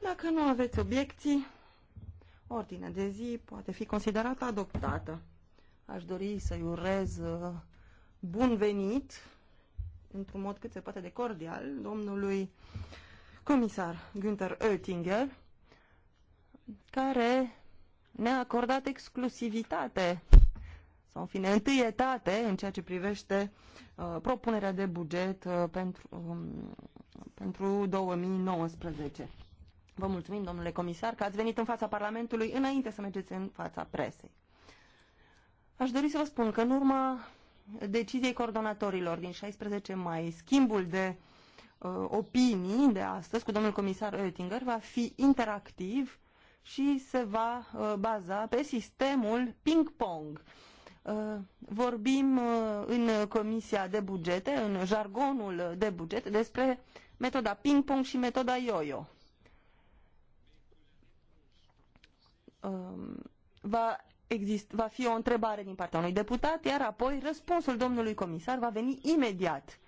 Dacă nu aveți obiecții, ordinea de zi poate fi considerată adoptată. Aș dori să-i urez uh, bun venit, într-un mod cât se poate de cordial, domnului comisar Günther Oettinger, care ne-a acordat exclusivitate sau în fine întâietate în ceea ce privește uh, propunerea de buget uh, pentru um, pentru 2019. Vă mulțumim, domnule comisar, că ați venit în fața Parlamentului înainte să mergeți în fața presei. Aș dori să vă spun că în urma deciziei coordonatorilor din 16 mai, schimbul de uh, opinii de astăzi cu domnul comisar Oettinger va fi interactiv și se va uh, baza pe sistemul ping-pong. Uh, vorbim uh, în Comisia de Bugete, în jargonul de buget, despre uh, metoda ping-pong și metoda yo-yo. Um, va, exist, va fi o întrebare din partea unui deputat, iar apoi răspunsul domnului comisar va veni imediat.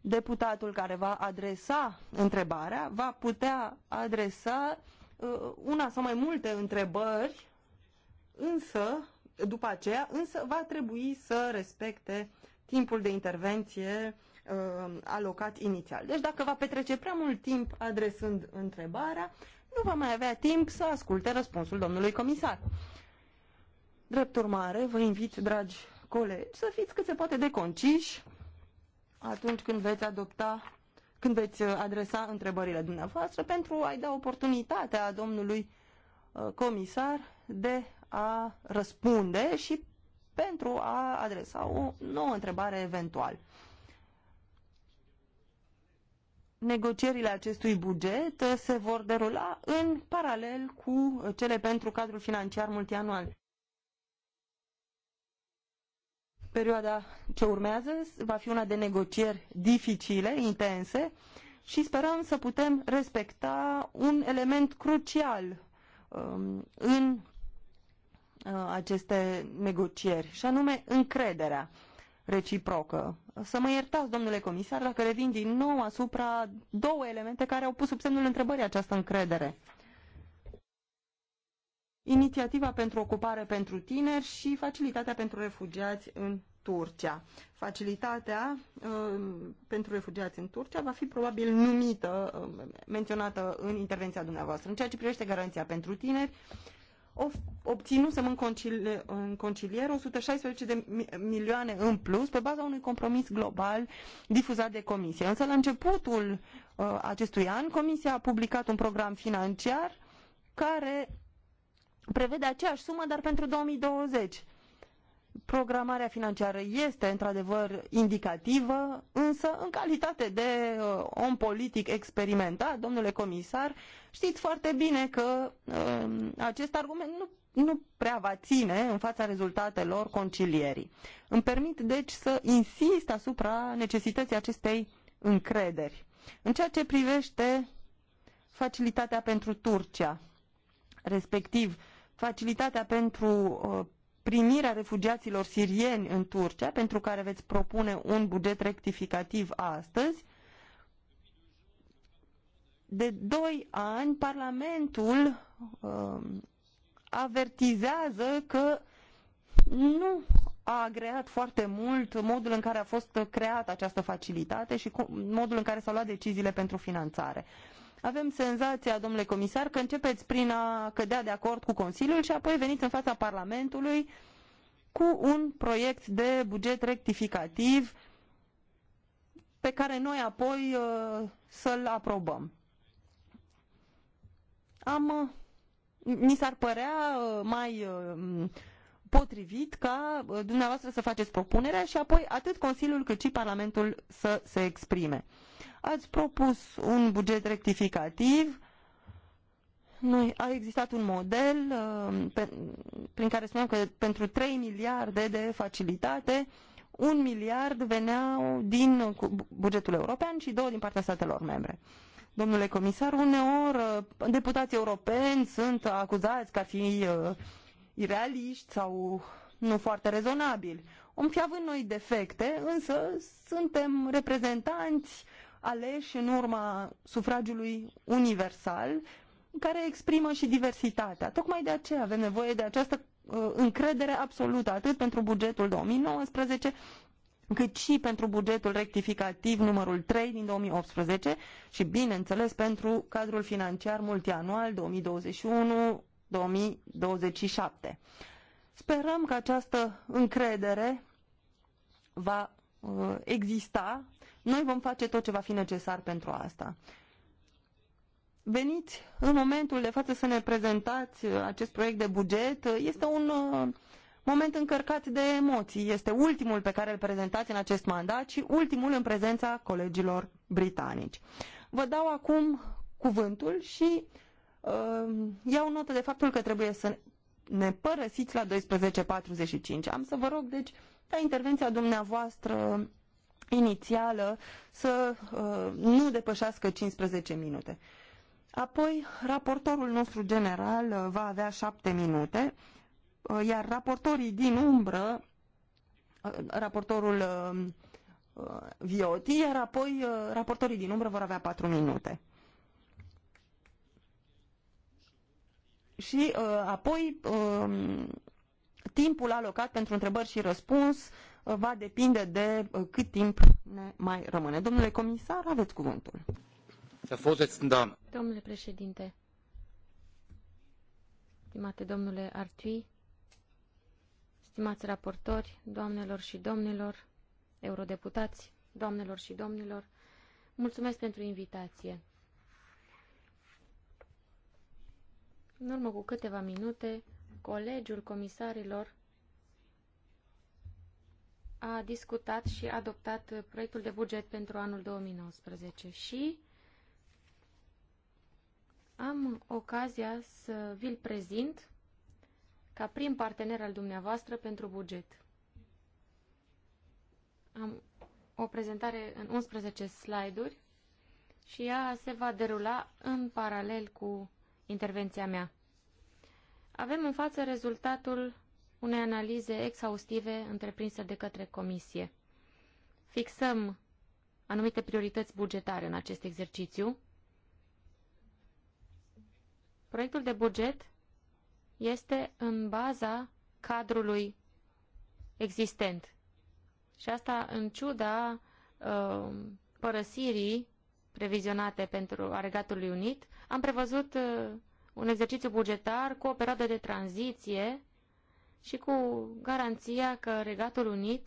Deputatul care va adresa întrebarea va putea adresa uh, una sau mai multe întrebări, însă, după aceea, însă va trebui să respecte timpul de intervenție uh, alocat inițial. Deci dacă va petrece prea mult timp adresând întrebarea, nu va mai avea timp să asculte răspunsul domnului comisar. Drept urmare, vă invit, dragi colegi, să fiți cât se poate de conciși atunci când veți adopta, când veți adresa întrebările dumneavoastră pentru a-i da oportunitatea domnului uh, comisar de a răspunde și pentru a adresa o nouă întrebare eventual. negocierile acestui buget uh, se vor derula în paralel cu cele pentru cadrul financiar multianual. Perioada ce urmează va fi una de negocieri dificile, intense și sperăm să putem respecta un element crucial um, în uh, aceste negocieri, și anume încrederea reciprocă. Să mă iertați, domnule comisar, dacă revin din nou asupra două elemente care au pus sub semnul întrebării această încredere. Inițiativa pentru ocupare pentru tineri și facilitatea pentru refugiați în Turcia. Facilitatea uh, pentru refugiați în Turcia va fi probabil numită, uh, menționată în intervenția dumneavoastră. În ceea ce privește garanția pentru tineri, uh, obținusem în, concili în conciliere 116 de milioane în plus pe baza unui compromis global difuzat de comisie. Însă la începutul uh, acestui an comisia a publicat un program financiar care prevede aceeași sumă, dar pentru 2020. Programarea financiară este într-adevăr indicativă, însă în calitate de uh, om politic experimentat, domnule comisar, știți foarte bine că uh, acest argument nu nu prea va ține în fața rezultatelor concilierii. Îmi permit, deci, să insist asupra necesității acestei încrederi. În ceea ce privește facilitatea pentru Turcia, respectiv facilitatea pentru uh, primirea refugiaților sirieni în Turcia, pentru care veți propune un buget rectificativ astăzi, de doi ani Parlamentul uh, avertizează că nu a agreat foarte mult modul în care a fost creată această facilitate și modul în care s-au luat deciziile pentru finanțare. Avem senzația, domnule comisar, că începeți prin a cădea de acord cu Consiliul și apoi veniți în fața Parlamentului cu un proiect de buget rectificativ pe care noi apoi uh, să-l aprobăm. Am, uh, mi s-ar părea uh, mai uh, potrivit ca uh, dumneavoastră să faceți propunerea și apoi atât Consiliul cât și Parlamentul să se exprime. Ați propus un buget rectificativ, noi, a existat un model uh, pe, prin care spuneam că pentru 3 miliarde de facilitate, un miliard venea din uh, bugetul european și două din partea statelor membre. Domnule comisar, uneori uh, deputații europeni sunt acuzați că ar fi uh, irealiști sau nu foarte rezonabili. Om fi având noi defecte, însă suntem reprezentanți aleși în urma sufragiului universal, care exprimă și diversitatea. Tocmai de aceea avem nevoie de această uh, încredere absolută, atât pentru bugetul 2019, cât și pentru bugetul rectificativ numărul 3 din 2018 și, bineînțeles, pentru cadrul financiar multianual 2021-2027. Sperăm că această încredere va uh, exista noi vom face tot ce va fi necesar pentru asta. Veniți în momentul de față să ne prezentați acest proiect de buget. Este un uh, moment încărcat de emoții. Este ultimul pe care îl prezentați în acest mandat și ultimul în prezența colegilor britanici. Vă dau acum cuvântul și uh, iau notă de faptul că trebuie să ne părăsiți la 12.45. Am să vă rog, deci, ca intervenția dumneavoastră inițială să uh, nu depășească 15 minute. Apoi, raportorul nostru general uh, va avea 7 minute, uh, iar raportorii din umbră, uh, raportorul uh, uh, Vioti, iar apoi raportorii din umbră vor avea 4 minute. Și apoi um, timpul alocat pentru întrebări și răspuns va depinde de uh, cât timp ne mai rămâne. Domnule comisar, aveți cuvântul. Domnule președinte, stimate domnule Artui, stimați raportori, doamnelor și domnilor, eurodeputați, doamnelor și domnilor, mulțumesc pentru invitație. În urmă cu câteva minute, Colegiul Comisarilor a discutat și adoptat proiectul de buget pentru anul 2019 și am ocazia să vi-l prezint ca prim partener al dumneavoastră pentru buget. Am o prezentare în 11 slide-uri și ea se va derula în paralel cu intervenția mea. Avem în față rezultatul unei analize exhaustive întreprinse de către Comisie. Fixăm anumite priorități bugetare în acest exercițiu. Proiectul de buget este în baza cadrului existent. Și asta în ciuda uh, părăsirii previzionate pentru aregatului Unit, am prevăzut uh, un exercițiu bugetar cu o perioadă de tranziție și cu garanția că Regatul Unit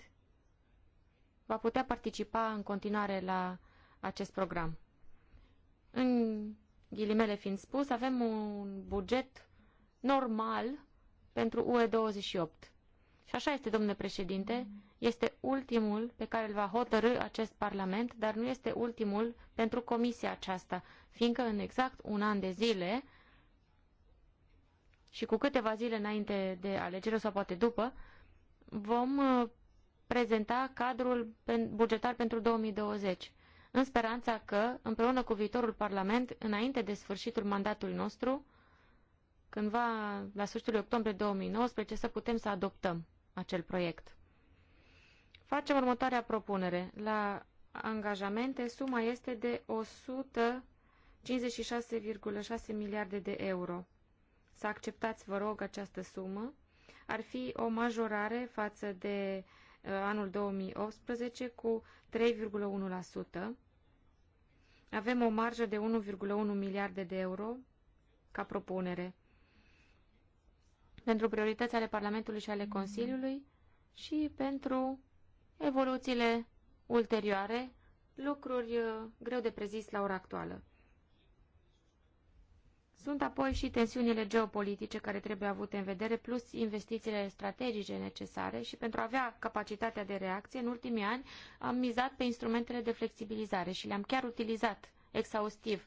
va putea participa în continuare la acest program. În ghilimele fiind spus, avem un buget normal pentru UE28. Și așa este, domnule președinte, este ultimul pe care îl va hotărâ acest Parlament, dar nu este ultimul pentru comisia aceasta, fiindcă în exact un an de zile și cu câteva zile înainte de alegeri sau poate după, vom uh, prezenta cadrul bugetar pentru 2020, în speranța că, împreună cu viitorul Parlament, înainte de sfârșitul mandatului nostru, cândva la sfârșitul octombrie 2019, să putem să adoptăm acel proiect. Facem următoarea propunere. La angajamente, suma este de 156,6 miliarde de euro să acceptați, vă rog, această sumă. Ar fi o majorare față de uh, anul 2018 cu 3,1%. Avem o marjă de 1,1 miliarde de euro ca propunere pentru priorități ale Parlamentului și ale Consiliului și pentru evoluțiile ulterioare, lucruri uh, greu de prezis la ora actuală. Sunt apoi și tensiunile geopolitice care trebuie avute în vedere, plus investițiile strategice necesare și pentru a avea capacitatea de reacție, în ultimii ani am mizat pe instrumentele de flexibilizare și le-am chiar utilizat exhaustiv.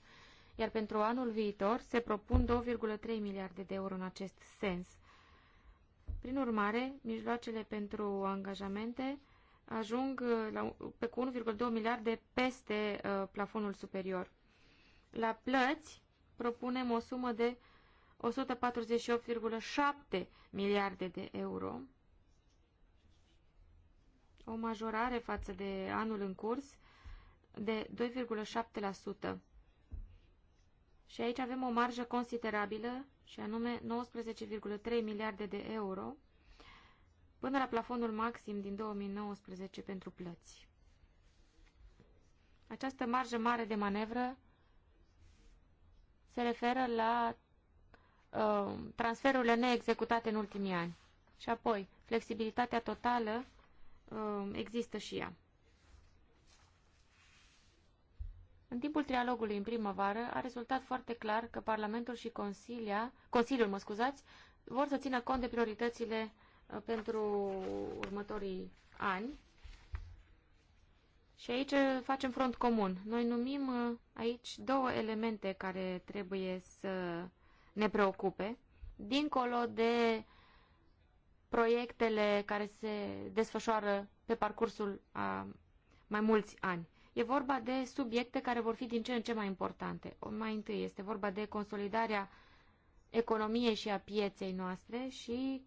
Iar pentru anul viitor se propun 2,3 miliarde de euro în acest sens. Prin urmare, mijloacele pentru angajamente ajung uh, la, pe cu 1,2 miliarde peste uh, plafonul superior. La plăți, propunem o sumă de 148,7 miliarde de euro, o majorare față de anul în curs de 2,7%. Și aici avem o marjă considerabilă, și anume 19,3 miliarde de euro, până la plafonul maxim din 2019 pentru plăți. Această marjă mare de manevră se referă la uh, transferurile neexecutate în ultimii ani. Și apoi, flexibilitatea totală uh, există și ea. În timpul trialogului în primăvară a rezultat foarte clar că Parlamentul și Consilia, Consiliul mă scuzați, vor să țină cont de prioritățile uh, pentru următorii ani și aici eh, facem front comun. Noi numim eh, aici două elemente care trebuie să ne preocupe, dincolo de proiectele care se desfășoară pe parcursul a mai mulți ani. E vorba de subiecte care vor fi din ce în ce mai importante. Mai întâi este vorba de consolidarea economiei și a pieței noastre și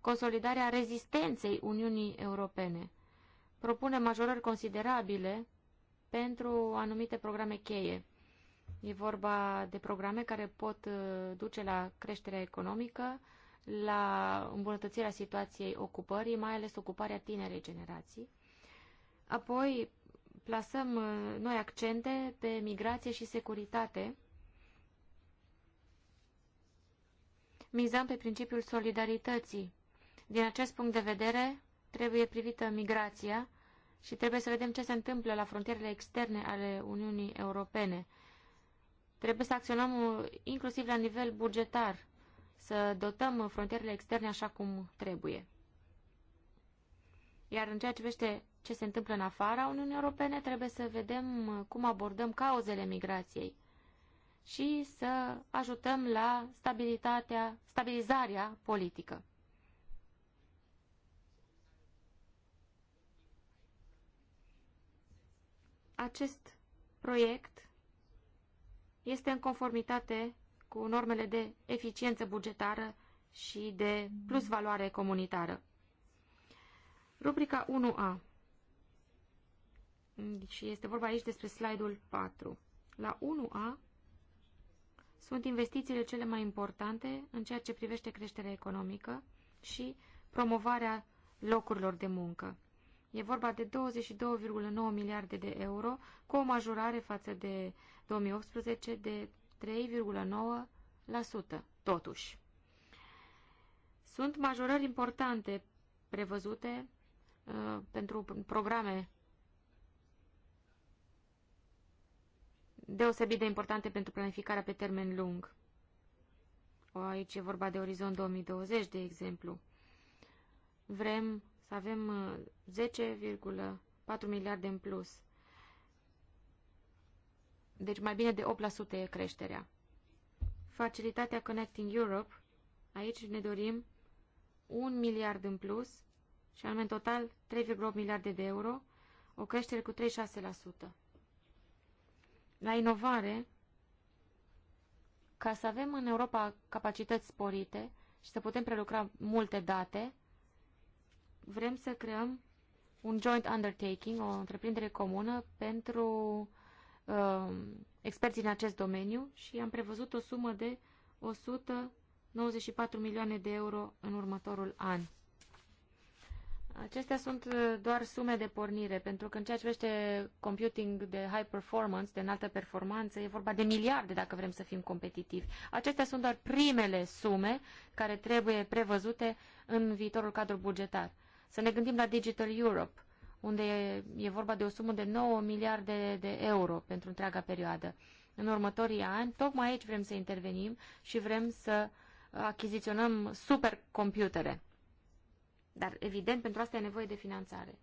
consolidarea rezistenței Uniunii Europene propune majorări considerabile pentru anumite programe cheie. E vorba de programe care pot uh, duce la creșterea economică, la îmbunătățirea situației ocupării, mai ales ocuparea tinerei generații. Apoi plasăm uh, noi accente pe migrație și securitate. Mizăm pe principiul solidarității. Din acest punct de vedere, trebuie privită migrația și trebuie să vedem ce se întâmplă la frontierele externe ale Uniunii Europene. Trebuie să acționăm uh, inclusiv la nivel bugetar, să dotăm uh, frontierele externe așa cum trebuie. Iar în ceea ce vește ce se întâmplă în afara Uniunii Europene, trebuie să vedem uh, cum abordăm cauzele migrației și să ajutăm la stabilitatea, stabilizarea politică. acest proiect este în conformitate cu normele de eficiență bugetară și de plus valoare comunitară. Rubrica 1A. Și este vorba aici despre slide-ul 4. La 1A sunt investițiile cele mai importante în ceea ce privește creșterea economică și promovarea locurilor de muncă. E vorba de 22,9 miliarde de euro, cu o majorare față de 2018 de 3,9%, totuși. Sunt majorări importante prevăzute uh, pentru programe deosebit de importante pentru planificarea pe termen lung. O, aici e vorba de Orizont 2020, de exemplu. Vrem să avem 10,4 uh, miliarde în plus. Deci mai bine de 8% e creșterea. Facilitatea Connecting Europe, aici ne dorim 1 miliard în plus și anume în total 3,8 miliarde de euro, o creștere cu 36%. La inovare, ca să avem în Europa capacități sporite și să putem prelucra multe date, vrem să creăm un joint undertaking, o întreprindere comună pentru uh, um, experții în acest domeniu și am prevăzut o sumă de 194 milioane de euro în următorul an. Acestea sunt uh, doar sume de pornire, pentru că în ceea ce privește computing de high performance, de înaltă performanță, e vorba de miliarde dacă vrem să fim competitivi. Acestea sunt doar primele sume care trebuie prevăzute în viitorul cadru bugetar. Să ne gândim la Digital Europe, unde e vorba de o sumă de 9 miliarde de euro pentru întreaga perioadă. În următorii ani, tocmai aici vrem să intervenim și vrem să achiziționăm supercomputere. Dar, evident, pentru asta e nevoie de finanțare.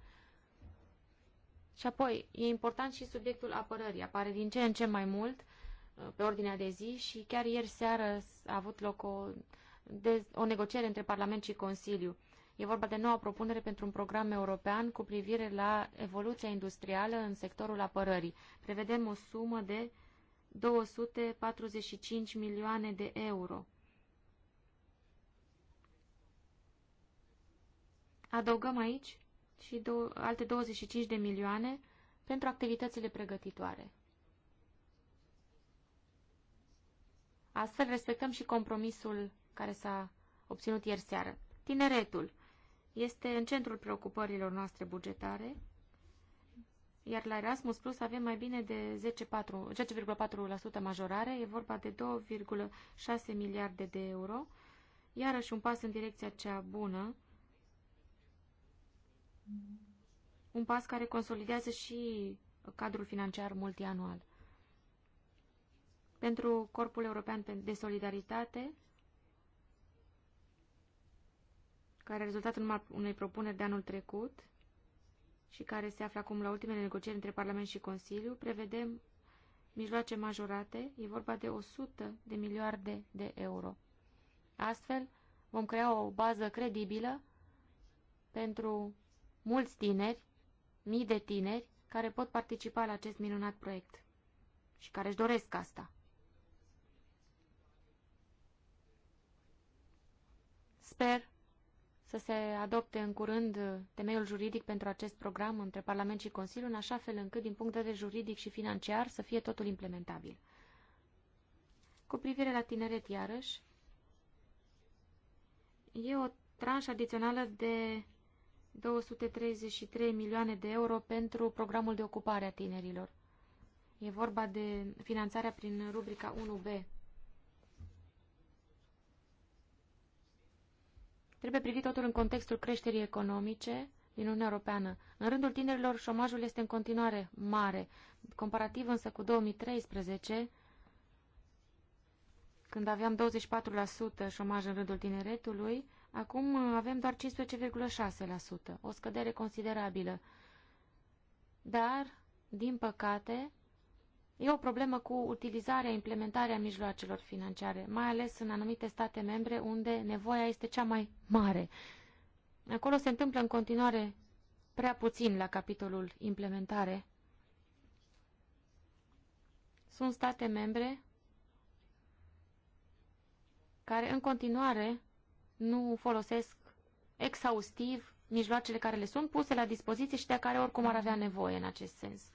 Și apoi, e important și subiectul apărării. Apare din ce în ce mai mult uh, pe ordinea de zi și chiar ieri seară a avut loc o, de, o negociere între Parlament și Consiliu E vorba de noua propunere pentru un program european cu privire la evoluția industrială în sectorul apărării. Prevedem o sumă de 245 milioane de euro. Adăugăm aici și alte 25 de milioane pentru activitățile pregătitoare. Astfel respectăm și compromisul care s-a obținut ieri seară. Tineretul este în centrul preocupărilor noastre bugetare, iar la Erasmus Plus avem mai bine de 10,4% majorare, e vorba de 2,6 miliarde de euro, iarăși un pas în direcția cea bună, un pas care consolidează și cadrul financiar multianual. Pentru Corpul European de Solidaritate care a rezultat în unei propuneri de anul trecut și care se află acum la ultimele negocieri între Parlament și Consiliu, prevedem mijloace majorate, e vorba de 100 de miliarde de euro. Astfel, vom crea o bază credibilă pentru mulți tineri, mii de tineri, care pot participa la acest minunat proiect și care își doresc asta. Sper să se adopte în curând temeiul juridic pentru acest program între Parlament și Consiliu, în așa fel încât, din punct de vedere juridic și financiar, să fie totul implementabil. Cu privire la tineret, iarăși, e o tranșă adițională de 233 milioane de euro pentru programul de ocupare a tinerilor. E vorba de finanțarea prin rubrica 1B Trebuie privit totul în contextul creșterii economice din Uniunea Europeană. În rândul tinerilor, șomajul este în continuare mare. Comparativ însă cu 2013, când aveam 24% șomaj în rândul tineretului, acum avem doar 15,6%, o scădere considerabilă. Dar, din păcate, E o problemă cu utilizarea, implementarea mijloacelor financiare, mai ales în anumite state membre unde nevoia este cea mai mare. Acolo se întâmplă în continuare prea puțin la capitolul implementare. Sunt state membre care în continuare nu folosesc exhaustiv mijloacele care le sunt puse la dispoziție și de care oricum ar avea nevoie în acest sens.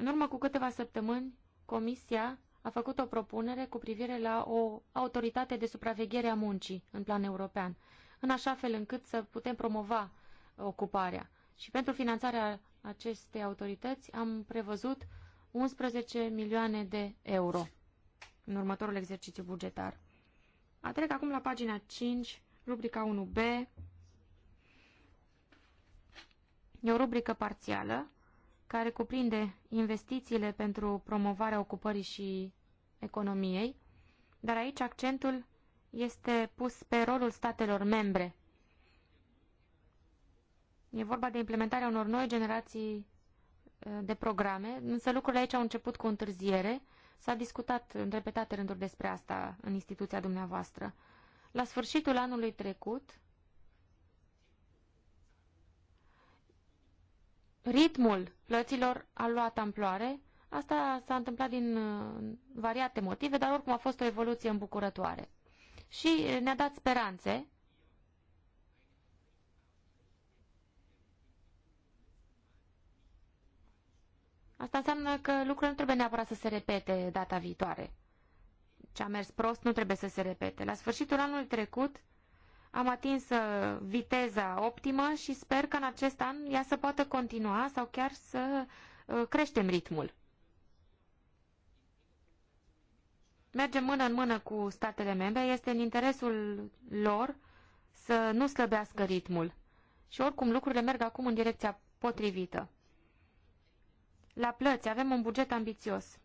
În urmă cu câteva săptămâni, Comisia a făcut o propunere cu privire la o autoritate de supraveghere a muncii în plan european, în așa fel încât să putem promova ocuparea. Și pentru finanțarea acestei autorități am prevăzut 11 milioane de euro în următorul exercițiu bugetar. A trec acum la pagina 5, rubrica 1B. E o rubrică parțială care cuprinde investițiile pentru promovarea ocupării și economiei, dar aici accentul este pus pe rolul statelor membre. E vorba de implementarea unor noi generații de programe, însă lucrurile aici au început cu întârziere. S-a discutat în repetate rânduri despre asta în instituția dumneavoastră. La sfârșitul anului trecut, ritmul plăților a luat amploare. Asta s-a întâmplat din uh, variate motive, dar oricum a fost o evoluție îmbucurătoare. Și uh, ne-a dat speranțe Asta înseamnă că lucrurile nu trebuie neapărat să se repete data viitoare. Ce a mers prost nu trebuie să se repete. La sfârșitul anului trecut am atins uh, viteza optimă și sper că în acest an ea să poată continua sau chiar să uh, creștem ritmul. Mergem mână în mână cu statele membre, este în interesul lor să nu slăbească ritmul. Și oricum lucrurile merg acum în direcția potrivită. La plăți avem un buget ambițios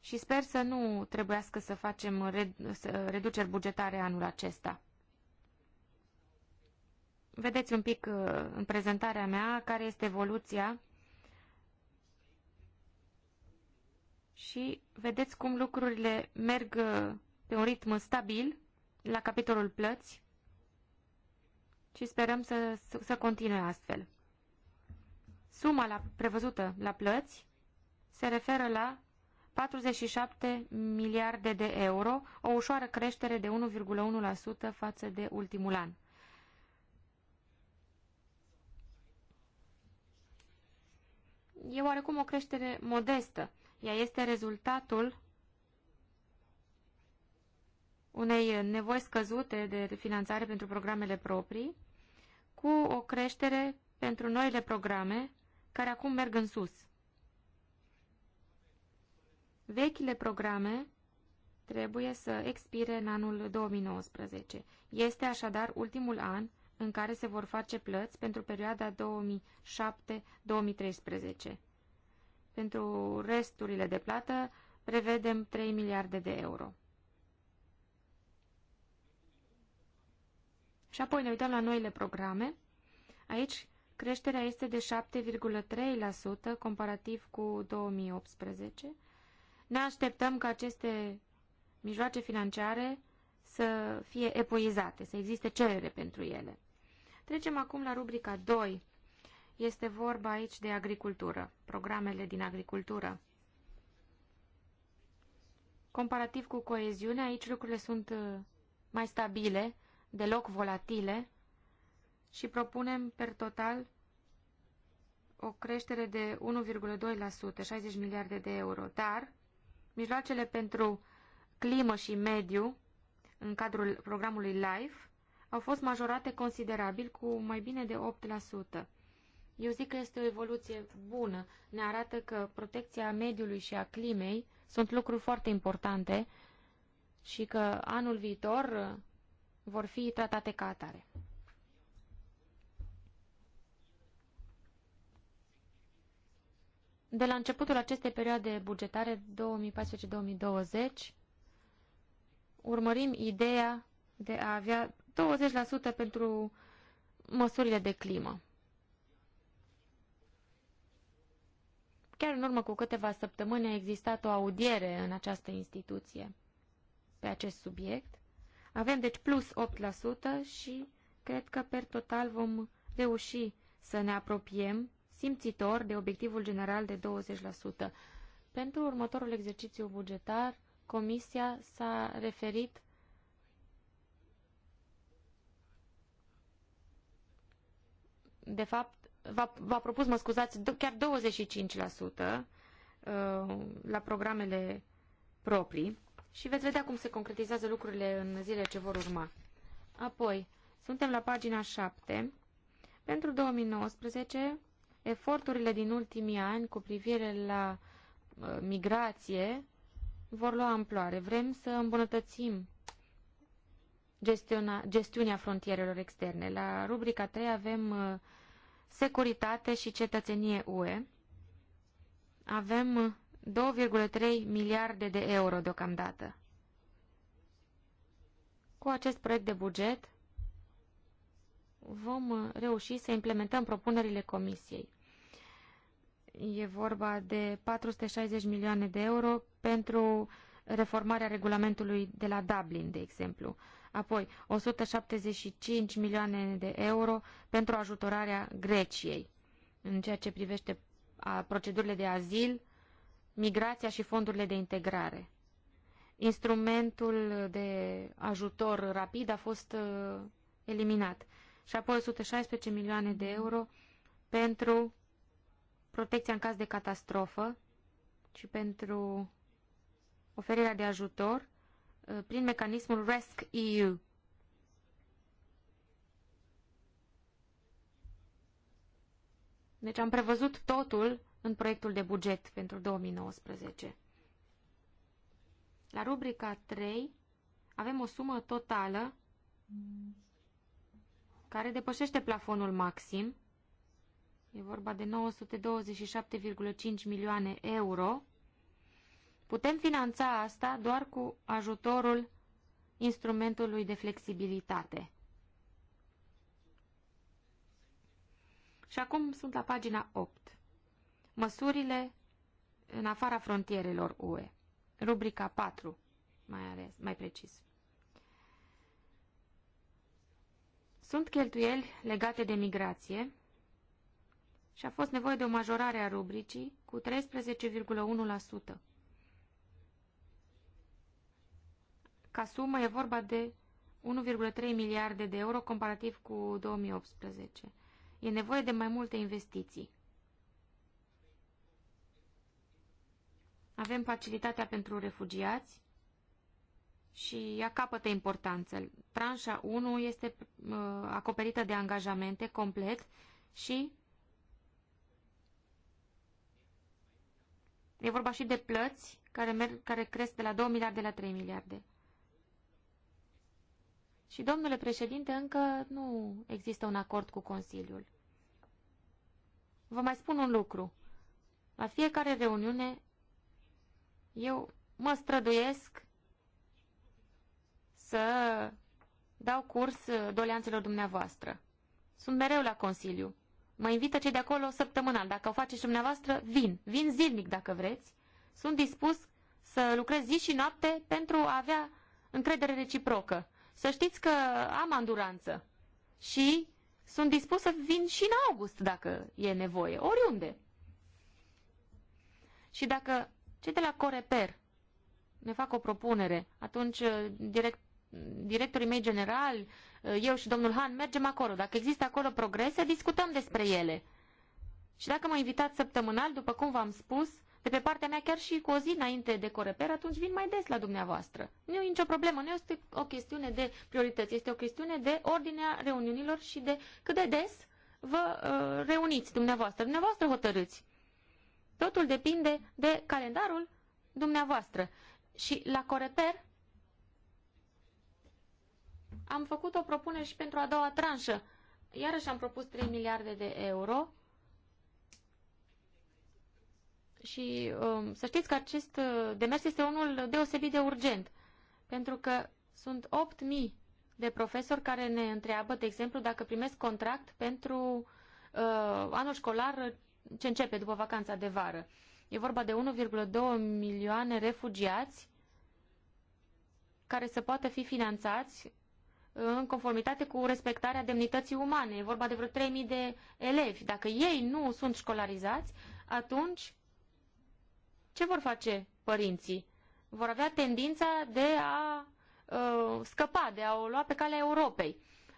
și sper să nu trebuiască să facem reduceri bugetare anul acesta. Vedeți un pic uh, în prezentarea mea care este evoluția și vedeți cum lucrurile merg uh, pe un ritm stabil la capitolul plăți și sperăm să, să continue astfel. Suma la, prevăzută la plăți se referă la 47 miliarde de euro, o ușoară creștere de 1,1% față de ultimul an. e oarecum o creștere modestă. Ea este rezultatul unei nevoi scăzute de finanțare pentru programele proprii, cu o creștere pentru noile programe, care acum merg în sus. Vechile programe trebuie să expire în anul 2019. Este așadar ultimul an în care se vor face plăți pentru perioada 2007-2013. Pentru resturile de plată prevedem 3 miliarde de euro. Și apoi ne uităm la noile programe. Aici creșterea este de 7,3% comparativ cu 2018. Ne așteptăm ca aceste mijloace financiare să fie epuizate, să existe cerere pentru ele. Trecem acum la rubrica 2. Este vorba aici de agricultură, programele din agricultură. Comparativ cu coeziune, aici lucrurile sunt uh, mai stabile, deloc volatile și propunem per total o creștere de 1,2%, 60 miliarde de euro, dar mijloacele pentru climă și mediu în cadrul programului LIFE au fost majorate considerabil cu mai bine de 8%. Eu zic că este o evoluție bună. Ne arată că protecția mediului și a climei sunt lucruri foarte importante și că anul viitor uh, vor fi tratate ca atare. De la începutul acestei perioade bugetare 2014-2020, urmărim ideea de a avea 20% pentru măsurile de climă. Chiar în urmă cu câteva săptămâni a existat o audiere în această instituție pe acest subiect. Avem deci plus 8% și cred că per total vom reuși să ne apropiem simțitor de obiectivul general de 20%. Pentru următorul exercițiu bugetar, Comisia s-a referit de fapt, v-a propus, mă scuzați, chiar 25% uh, la programele proprii și veți vedea cum se concretizează lucrurile în zilele ce vor urma. Apoi, suntem la pagina 7. Pentru 2019, eforturile din ultimii ani cu privire la uh, migrație vor lua amploare. Vrem să îmbunătățim gestiona, gestiunea frontierelor externe. La rubrica 3 avem uh, securitate și cetățenie UE. Avem 2,3 uh, miliarde de euro deocamdată. Cu acest proiect de buget vom uh, reuși să implementăm propunerile Comisiei. E vorba de 460 milioane de euro pentru reformarea regulamentului de la Dublin, de exemplu apoi 175 milioane de euro pentru ajutorarea Greciei în ceea ce privește procedurile de azil, migrația și fondurile de integrare. Instrumentul de ajutor rapid a fost uh, eliminat și apoi 116 milioane de euro pentru protecția în caz de catastrofă și pentru oferirea de ajutor Uh, prin mecanismul RESC-EU. Deci am prevăzut totul în proiectul de buget pentru 2019. La rubrica 3 avem o sumă totală care depășește plafonul maxim. E vorba de 927,5 milioane euro Putem finanța asta doar cu ajutorul instrumentului de flexibilitate. Și acum sunt la pagina 8. Măsurile în afara frontierelor UE. Rubrica 4, mai, ales, mai precis. Sunt cheltuieli legate de migrație și a fost nevoie de o majorare a rubricii cu 13,1%. Ca sumă e vorba de 1,3 miliarde de euro comparativ cu 2018. E nevoie de mai multe investiții. Avem facilitatea pentru refugiați și ea capătă importanță. Tranșa 1 este uh, acoperită de angajamente complet și e vorba și de plăți care, merg, care cresc de la 2 miliarde la 3 miliarde. Și, domnule președinte, încă nu există un acord cu Consiliul. Vă mai spun un lucru. La fiecare reuniune eu mă străduiesc să dau curs doleanțelor dumneavoastră. Sunt mereu la Consiliu. Mă invită cei de acolo săptămânal. Dacă o faceți dumneavoastră, vin. Vin zilnic dacă vreți. Sunt dispus să lucrez zi și noapte pentru a avea încredere reciprocă. Să știți că am anduranță și sunt dispus să vin și în august dacă e nevoie, oriunde. Și dacă cei de la Coreper ne fac o propunere, atunci uh, direct, directorii mei generali, uh, eu și domnul Han, mergem acolo. Dacă există acolo progrese, discutăm despre ele. Și dacă mă invitați săptămânal, după cum v-am spus, de pe partea mea chiar și cu o zi înainte de Coreper, atunci vin mai des la dumneavoastră. Nu e nicio problemă, nu este o chestiune de priorități, este o chestiune de ordinea reuniunilor și de cât de des vă uh, reuniți dumneavoastră. Dumneavoastră hotărâți. Totul depinde de calendarul dumneavoastră. Și la Coreper am făcut o propunere și pentru a doua tranșă. Iarăși am propus 3 miliarde de euro și um, să știți că acest uh, demers este unul deosebit de urgent, pentru că sunt 8.000 de profesori care ne întreabă, de exemplu, dacă primesc contract pentru uh, anul școlar ce începe după vacanța de vară. E vorba de 1,2 milioane refugiați care să poată fi finanțați în conformitate cu respectarea demnității umane. E vorba de vreo 3.000 de elevi. Dacă ei nu sunt școlarizați, atunci ce vor face părinții? Vor avea tendința de a uh, scăpa, de a o lua pe calea Europei.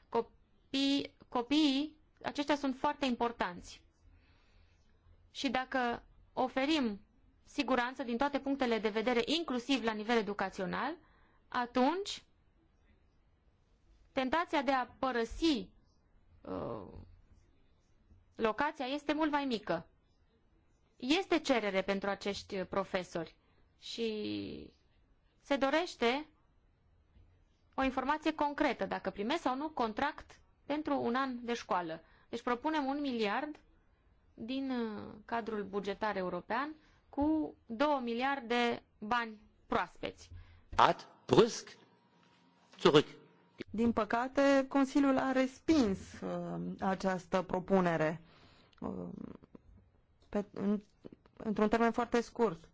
Copii, copiii, aceștia sunt foarte importanți. Și dacă oferim siguranță din toate punctele de vedere, inclusiv la nivel educațional, atunci tentația de a părăsi uh, locația este mult mai mică este cerere pentru acești profesori și se dorește o informație concretă, dacă primesc sau nu contract pentru un an de școală. Deci propunem un miliard din uh, cadrul bugetar european cu 2 miliarde bani proaspeți. At brusc zurück. Din păcate, Consiliul a respins uh, această propunere. Uh, pe, în, într-un termen foarte scurt,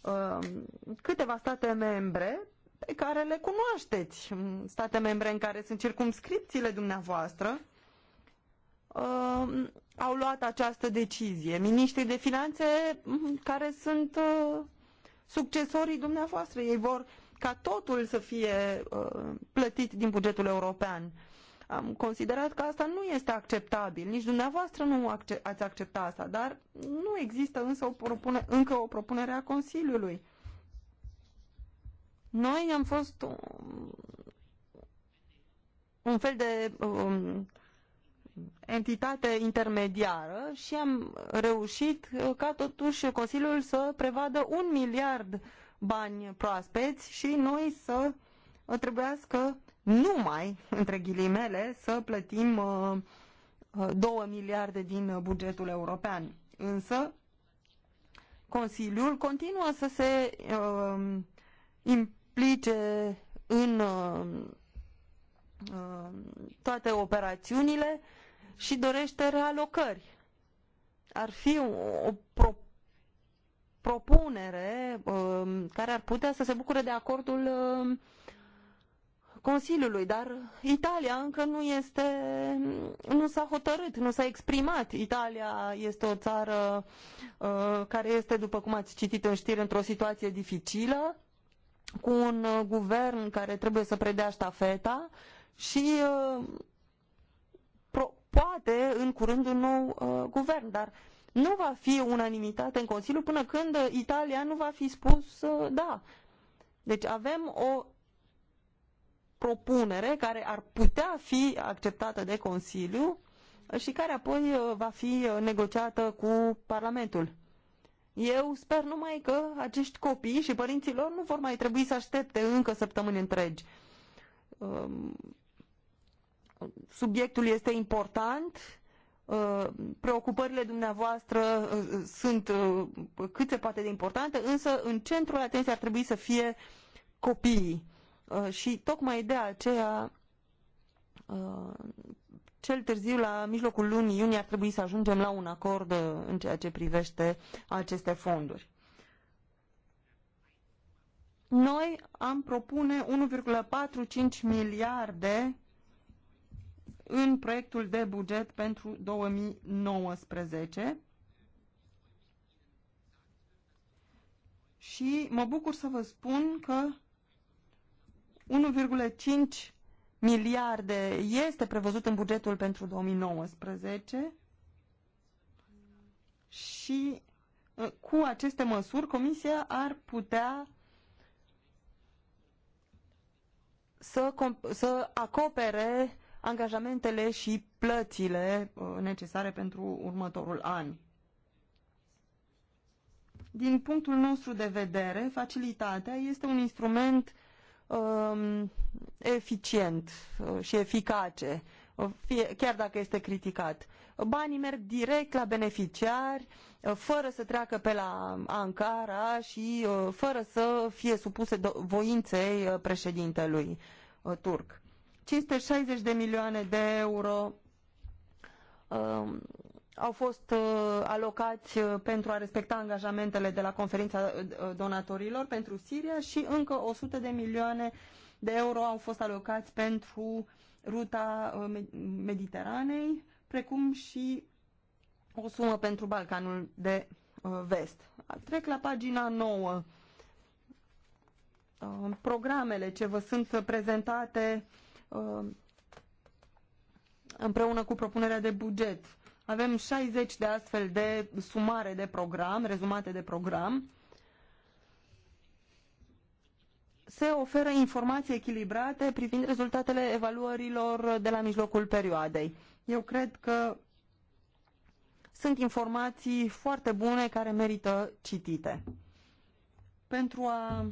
um, câteva state membre pe care le cunoașteți, um, state membre în care sunt circumscripțiile dumneavoastră, um, au luat această decizie. Ministrii de finanțe care sunt uh, succesorii dumneavoastră, ei vor ca totul să fie uh, plătit din bugetul european. Am considerat că asta nu este acceptabil, nici dumneavoastră nu ați accepta asta, dar nu există însă o propune, încă o propunere a Consiliului. Noi am fost un, un fel de um, entitate intermediară și am reușit uh, ca totuși Consiliul să prevadă un miliard bani proaspeți și noi să trebuiască numai, între ghilimele, să plătim uh, 2 uh, miliarde din uh, bugetul european. Însă, Consiliul continuă să se uh, implice în uh, uh, toate operațiunile și dorește realocări. Ar fi o, o pro, propunere uh, care ar putea să se bucure de acordul uh, Consiliului, dar Italia încă nu este, nu s-a hotărât, nu s-a exprimat. Italia este o țară uh, care este, după cum ați citit în știri, într-o situație dificilă, cu un uh, guvern care trebuie să predea ștafeta și uh, pro, poate în curând un nou uh, guvern, dar nu va fi unanimitate în Consiliu până când Italia nu va fi spus uh, da. Deci avem o propunere care ar putea fi acceptată de Consiliu și care apoi uh, va fi uh, negociată cu Parlamentul. Eu sper numai că acești copii și părinții lor nu vor mai trebui să aștepte încă săptămâni întregi. Um, subiectul este important, uh, preocupările dumneavoastră sunt cât se poate de importante, însă în centrul atenției ar trebui să fie copiii Uh, și tocmai de aceea uh, cel târziu la mijlocul lunii iunie ar trebui să ajungem la un acord uh, în ceea ce privește aceste fonduri. Noi am propune 1,45 miliarde în proiectul de buget pentru 2019 și mă bucur să vă spun că 1,5 miliarde este prevăzut în bugetul pentru 2019 și uh, cu aceste măsuri Comisia ar putea să, să acopere angajamentele și plățile uh, necesare pentru următorul an. Din punctul nostru de vedere, facilitatea este un instrument Um, eficient uh, și eficace, uh, fie, chiar dacă este criticat. Banii merg direct la beneficiari, uh, fără să treacă pe la Ankara și fără să fie supuse voinței președintelui turc. 560 de milioane de euro um, au fost uh, alocați uh, pentru a respecta angajamentele de la conferința uh, donatorilor pentru Siria și încă 100 de milioane de euro au fost alocați pentru ruta uh, Mediteranei, precum și o sumă pentru Balcanul de uh, Vest. Trec la pagina 9. Uh, programele ce vă sunt prezentate împreună cu propunerea de buget avem 60 de astfel de sumare de program, rezumate de program. Se oferă informații echilibrate privind rezultatele evaluărilor de la mijlocul perioadei. Eu cred că sunt informații foarte bune care merită citite. Pentru a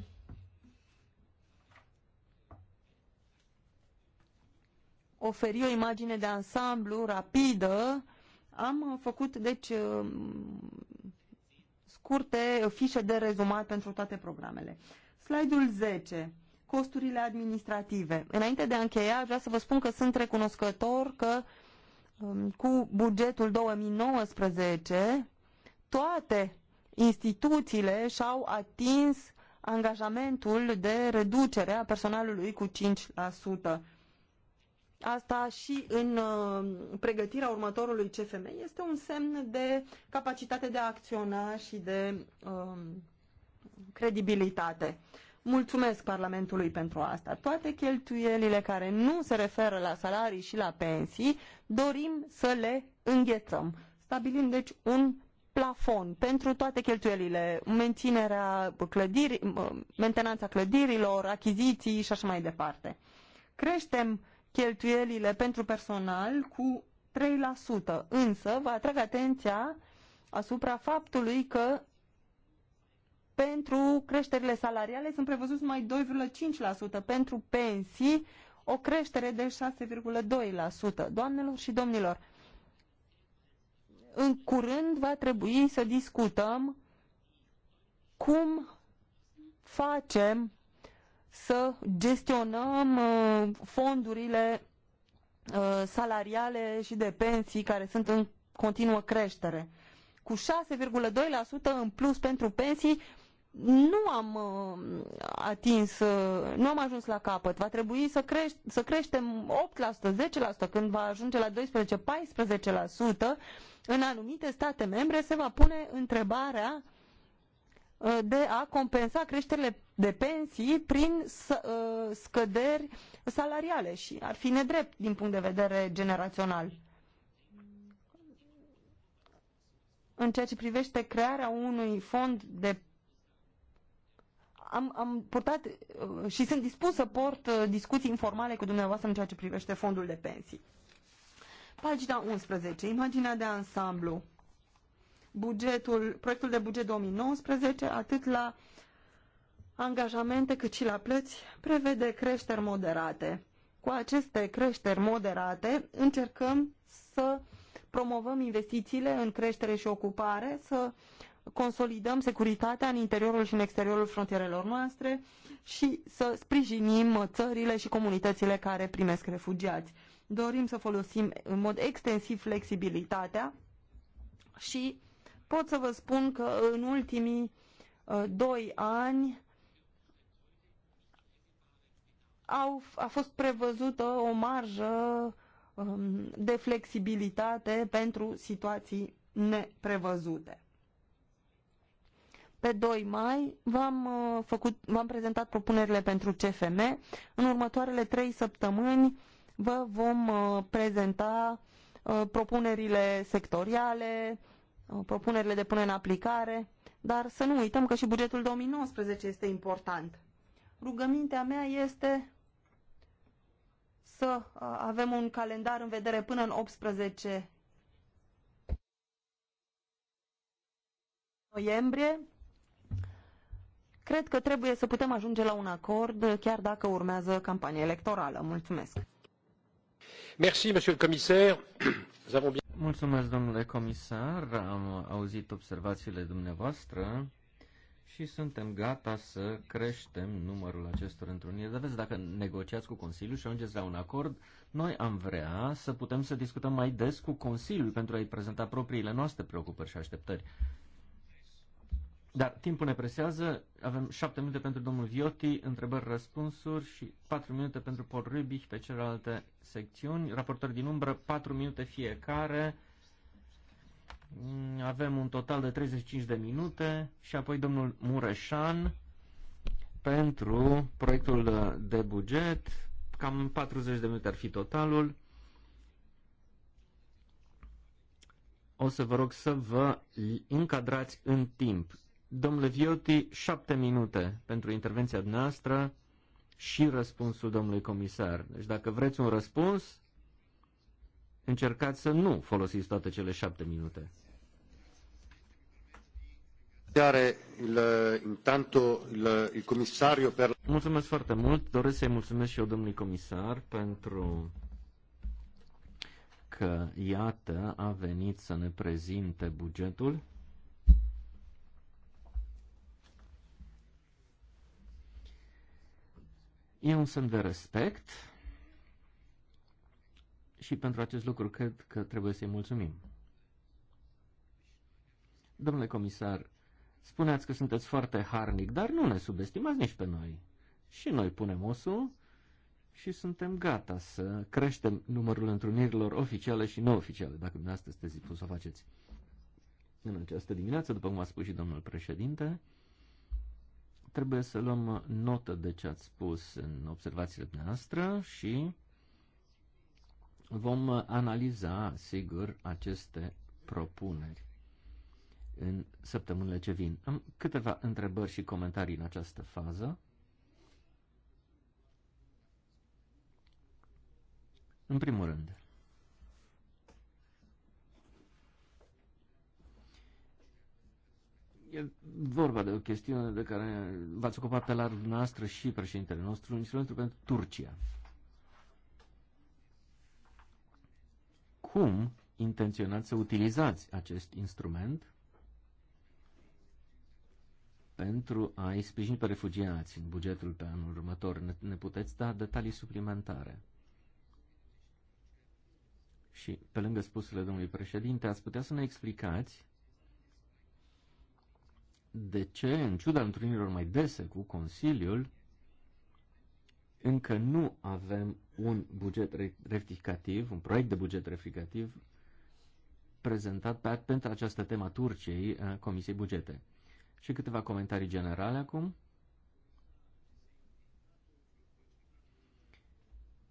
oferi o imagine de ansamblu rapidă am uh, făcut, deci, uh, scurte uh, fișe de rezumat pentru toate programele. Slide-ul 10. Costurile administrative. Înainte de a încheia, vreau să vă spun că sunt recunoscător că um, cu bugetul 2019 toate instituțiile și-au atins angajamentul de reducere a personalului cu 5% asta și în uh, pregătirea următorului CFM este un semn de capacitate de a acționa și de um, credibilitate. Mulțumesc Parlamentului pentru asta. Toate cheltuielile care nu se referă la salarii și la pensii, dorim să le înghețăm. Stabilim deci un plafon pentru toate cheltuielile, menținerea clădirii, uh, mentenanța clădirilor, achiziții și așa mai departe. Creștem cheltuielile pentru personal cu 3%. Însă, vă atrag atenția asupra faptului că pentru creșterile salariale sunt prevăzuți mai 2,5%, pentru pensii o creștere de 6,2%. Doamnelor și domnilor, în curând va trebui să discutăm cum facem să gestionăm uh, fondurile uh, salariale și de pensii care sunt în continuă creștere. Cu 6,2% în plus pentru pensii nu am uh, atins, nu am ajuns la capăt. Va trebui să, creș- să creștem 8%, 10%, când va ajunge la 12-14%. În anumite state membre se va pune întrebarea Uh, de a compensa creșterile de pensii prin uh, scăderi salariale și ar fi nedrept din punct de vedere generațional. În ceea ce privește crearea unui fond de am, am purtat uh, și sunt dispus să port discuții informale cu dumneavoastră în ceea ce privește fondul de pensii. Pagina 11. Imaginea de ansamblu bugetul, proiectul de buget 2019, atât la angajamente cât și la plăți, prevede creșteri moderate. Cu aceste creșteri moderate încercăm să promovăm investițiile în creștere și ocupare, să consolidăm securitatea în interiorul și în exteriorul frontierelor noastre și să sprijinim țările și comunitățile care primesc refugiați. Dorim să folosim în mod extensiv flexibilitatea și Pot să vă spun că în ultimii uh, doi ani au, a fost prevăzută o marjă um, de flexibilitate pentru situații neprevăzute. Pe 2 mai uh, v-am, prezentat propunerile pentru CFM. În următoarele 3 săptămâni vă vom uh, prezenta uh, propunerile sectoriale, Uh, propunerile de pune în aplicare, dar să nu uităm că și bugetul 2019 este important. Rugămintea mea este să uh, avem un calendar în vedere până în 18 noiembrie. Cred că trebuie să putem ajunge la un acord, uh, chiar dacă urmează campania electorală. Mulțumesc! Merci, monsieur le commissaire. Nous avons bien... Mulțumesc, domnule comisar. Am auzit observațiile dumneavoastră și suntem gata să creștem numărul acestor întruniri. Dar vezi, dacă negociați cu Consiliul și ajungeți la un acord, noi am vrea să putem să discutăm mai des cu Consiliul pentru a-i prezenta propriile noastre preocupări și așteptări. Dar timpul ne presează, avem șapte minute pentru domnul Vioti, întrebări-răspunsuri și patru minute pentru Paul Rubich pe celelalte secțiuni. Raportări din umbră, patru minute fiecare. Avem un total de 35 de minute și apoi domnul Mureșan pentru proiectul de buget. Cam 40 de minute ar fi totalul. o să vă rog să vă încadrați în timp. Domnule Vioti, șapte minute pentru intervenția noastră și răspunsul domnului comisar. Deci dacă vreți un răspuns, încercați să nu folosiți toate cele șapte minute. Mulțumesc foarte mult. Doresc să-i mulțumesc și eu domnului comisar pentru că, iată, a venit să ne prezinte bugetul. E un semn de respect și pentru acest lucru cred că trebuie să-i mulțumim. Domnule comisar, spuneați că sunteți foarte harnic, dar nu ne subestimați nici pe noi. Și noi punem osul și suntem gata să creștem numărul întrunirilor oficiale și neoficiale, dacă dumneavoastră sunteți dispus să o faceți. În această dimineață, după cum a spus și domnul președinte, trebuie să luăm notă de ce ați spus în observațiile noastre și vom analiza, sigur, aceste propuneri în săptămânile ce vin. Am câteva întrebări și comentarii în această fază. În primul rând, E vorba de o chestiune de care v-ați ocupat pe larg noastră și președintele nostru, instrumentul pentru Turcia. Cum intenționați să utilizați acest instrument pentru a-i sprijini pe refugiați în bugetul pe anul următor? Ne, ne puteți da detalii suplimentare? Și pe lângă spusele domnului președinte, ați putea să ne explicați de ce, în ciuda întâlnirilor mai dese cu Consiliul, încă nu avem un buget rectificativ, un proiect de buget rectificativ prezentat pe, pentru această temă Turciei a Comisiei Bugete. Și câteva comentarii generale acum.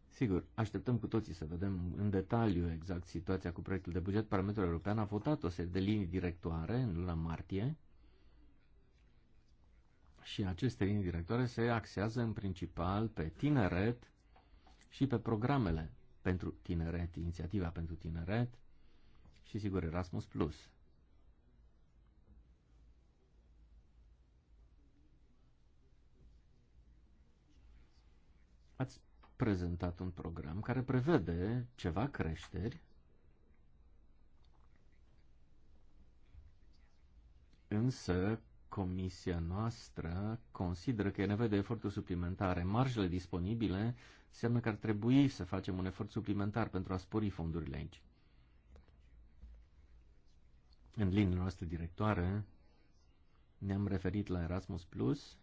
Sigur, așteptăm cu toții să vedem în detaliu exact situația cu proiectul de buget. Parlamentul European a votat o serie de linii directoare în luna martie și aceste linii directoare se axează în principal pe tineret și pe programele pentru tineret, inițiativa pentru tineret și, sigur, Erasmus+. Plus. Ați prezentat un program care prevede ceva creșteri însă comisia noastră consideră că e nevoie de eforturi suplimentare. Marjele disponibile înseamnă că ar trebui să facem un efort suplimentar pentru a spori fondurile aici. În linia noastră, directoare ne-am referit la Erasmus Plus,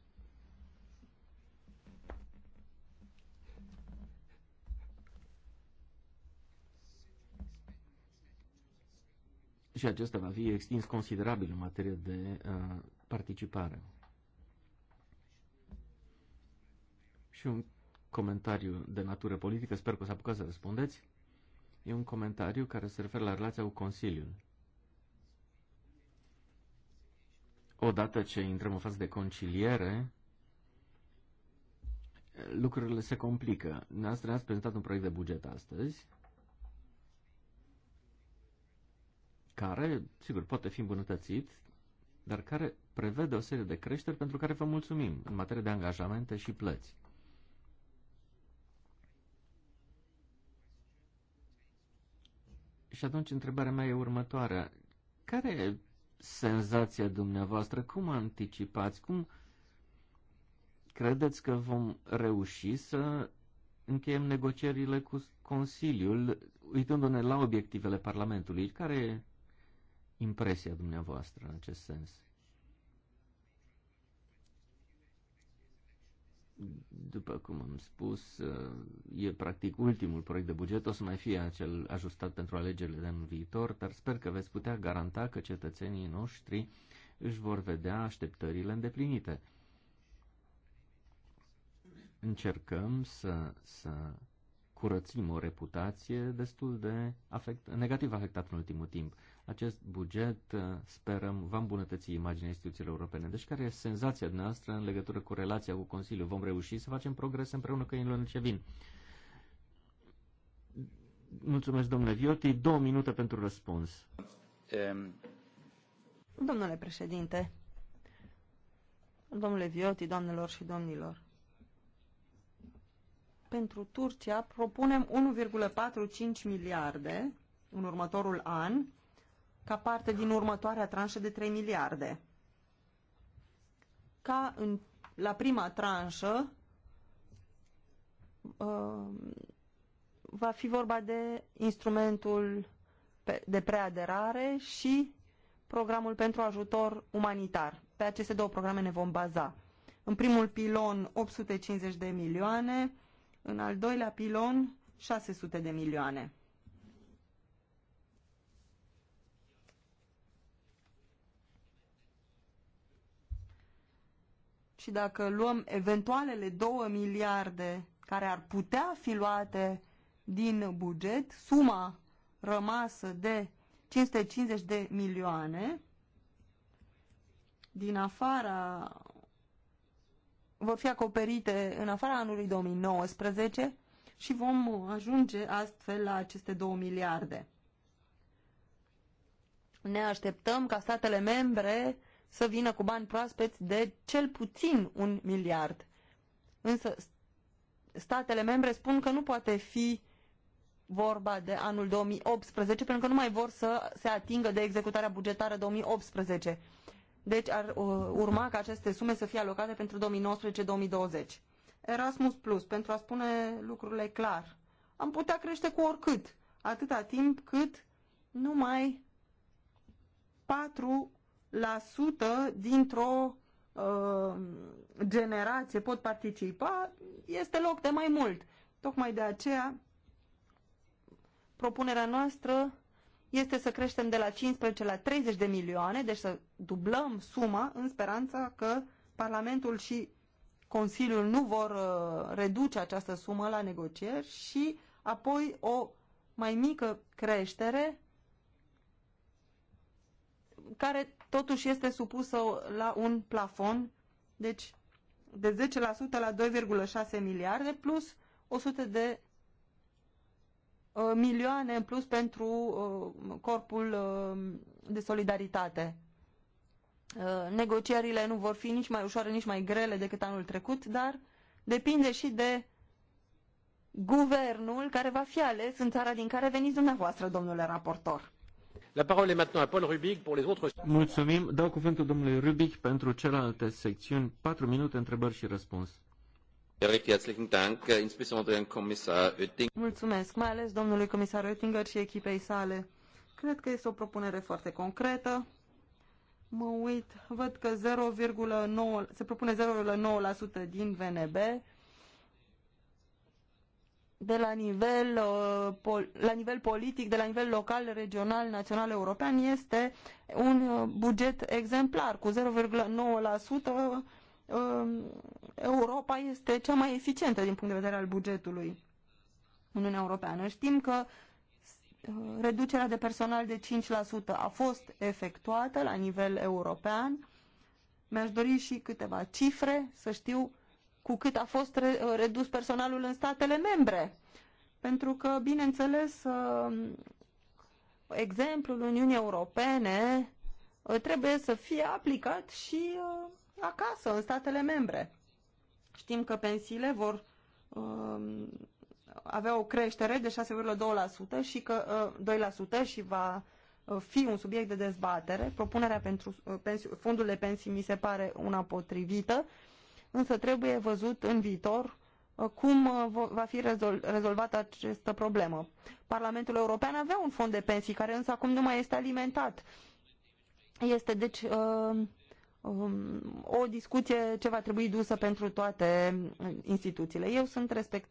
și acesta va fi extins considerabil în materie de uh, participare. Și un comentariu de natură politică, sper că o să apucați să răspundeți. E un comentariu care se referă la relația cu Consiliul. Odată ce intrăm în fază de conciliere, lucrurile se complică. Noastră ne-ați prezentat un proiect de buget astăzi, care, sigur, poate fi îmbunătățit, dar care prevede o serie de creșteri pentru care vă mulțumim în materie de angajamente și plăți. Și atunci întrebarea mea e următoarea. Care e senzația dumneavoastră? Cum anticipați? Cum credeți că vom reuși să încheiem negocierile cu Consiliul, uitându-ne la obiectivele Parlamentului? Care e impresia dumneavoastră în acest sens? După cum am spus, uh, e practic ultimul proiect de buget, o să mai fie acel ajustat pentru alegerile de anul viitor, dar sper că veți putea garanta că cetățenii noștri își vor vedea așteptările îndeplinite. Încercăm să, să curățim o reputație destul de afect, negativ afectată în ultimul timp. Acest buget, uh, sperăm, va îmbunătăți imaginea instituțiilor europene. Deci care e senzația noastră în legătură cu relația cu Consiliul? Vom reuși să facem progrese împreună că în ce vin? Mulțumesc, domnule Vioti. Două minute pentru răspuns. Um... Domnule președinte, domnule Vioti, doamnelor și domnilor, pentru Turcia propunem 1,45 miliarde în următorul an ca parte din următoarea tranșă de 3 miliarde. Ca în, la prima tranșă uh, va fi vorba de instrumentul de preaderare și programul pentru ajutor umanitar. Pe aceste două programe ne vom baza. În primul pilon 850 de milioane, în al doilea pilon 600 de milioane. și dacă luăm eventualele 2 miliarde care ar putea fi luate din buget, suma rămasă de 550 de milioane din afara vor fi acoperite în afara anului 2019 și vom ajunge astfel la aceste 2 miliarde. Ne așteptăm ca statele membre să vină cu bani proaspeți de cel puțin un miliard. Însă statele membre spun că nu poate fi vorba de anul 2018, pentru că nu mai vor să se atingă de executarea bugetară 2018. Deci ar uh, urma ca aceste sume să fie alocate pentru 2019-2020. Erasmus Plus, pentru a spune lucrurile clar, am putea crește cu oricât, atâta timp cât numai patru dintr-o uh, generație pot participa, este loc de mai mult. Tocmai de aceea, propunerea noastră este să creștem de la 15 la 30 de milioane, deci să dublăm suma în speranța că Parlamentul și Consiliul nu vor uh, reduce această sumă la negocieri și apoi o mai mică creștere care totuși este supusă la un plafon, deci de 10% la 2,6 miliarde plus 100 de uh, milioane în plus pentru uh, corpul uh, de solidaritate. Uh, negocierile nu vor fi nici mai ușoare, nici mai grele decât anul trecut, dar depinde și de guvernul care va fi ales în țara din care veniți dumneavoastră, domnule raportor. La parole est maintenant à Paul Rubic pour les autres. Mulțumim. Dau cuvântul domnului Rubic pentru celelalte secțiuni. 4 minute întrebări și răspuns. Mulțumesc, mai ales domnului comisar Oettinger și echipei sale. Cred că este o propunere foarte concretă. Mă uit, văd că 0,9, se propune 0,9% din VNB de la nivel, uh, la nivel politic, de la nivel local, regional, național, european, este un uh, buget exemplar. Cu 0,9% uh, um, Europa este cea mai eficientă din punct de vedere al bugetului Uniunea Europeană. Știm că reducerea de personal de 5% a fost efectuată la nivel european. Mi-aș dori și câteva cifre să știu cu cât a fost uh, redus personalul în statele membre. Pentru că, bineînțeles, uh, exemplul Uniunii Europene uh, trebuie să fie aplicat și acasă, în statele membre. Știm că pensiile vor um, avea o creștere de 6,2% și că 2% și va fi un subiect de dezbatere. Propunerea pentru fondul de pensii mi se pare una potrivită însă trebuie văzut în viitor uh, cum uh, va fi rezolvată această problemă. Parlamentul European avea un fond de pensii care însă acum nu mai este alimentat. Este deci uh, um, o discuție ce va trebui dusă pentru toate instituțiile. Eu sunt respect,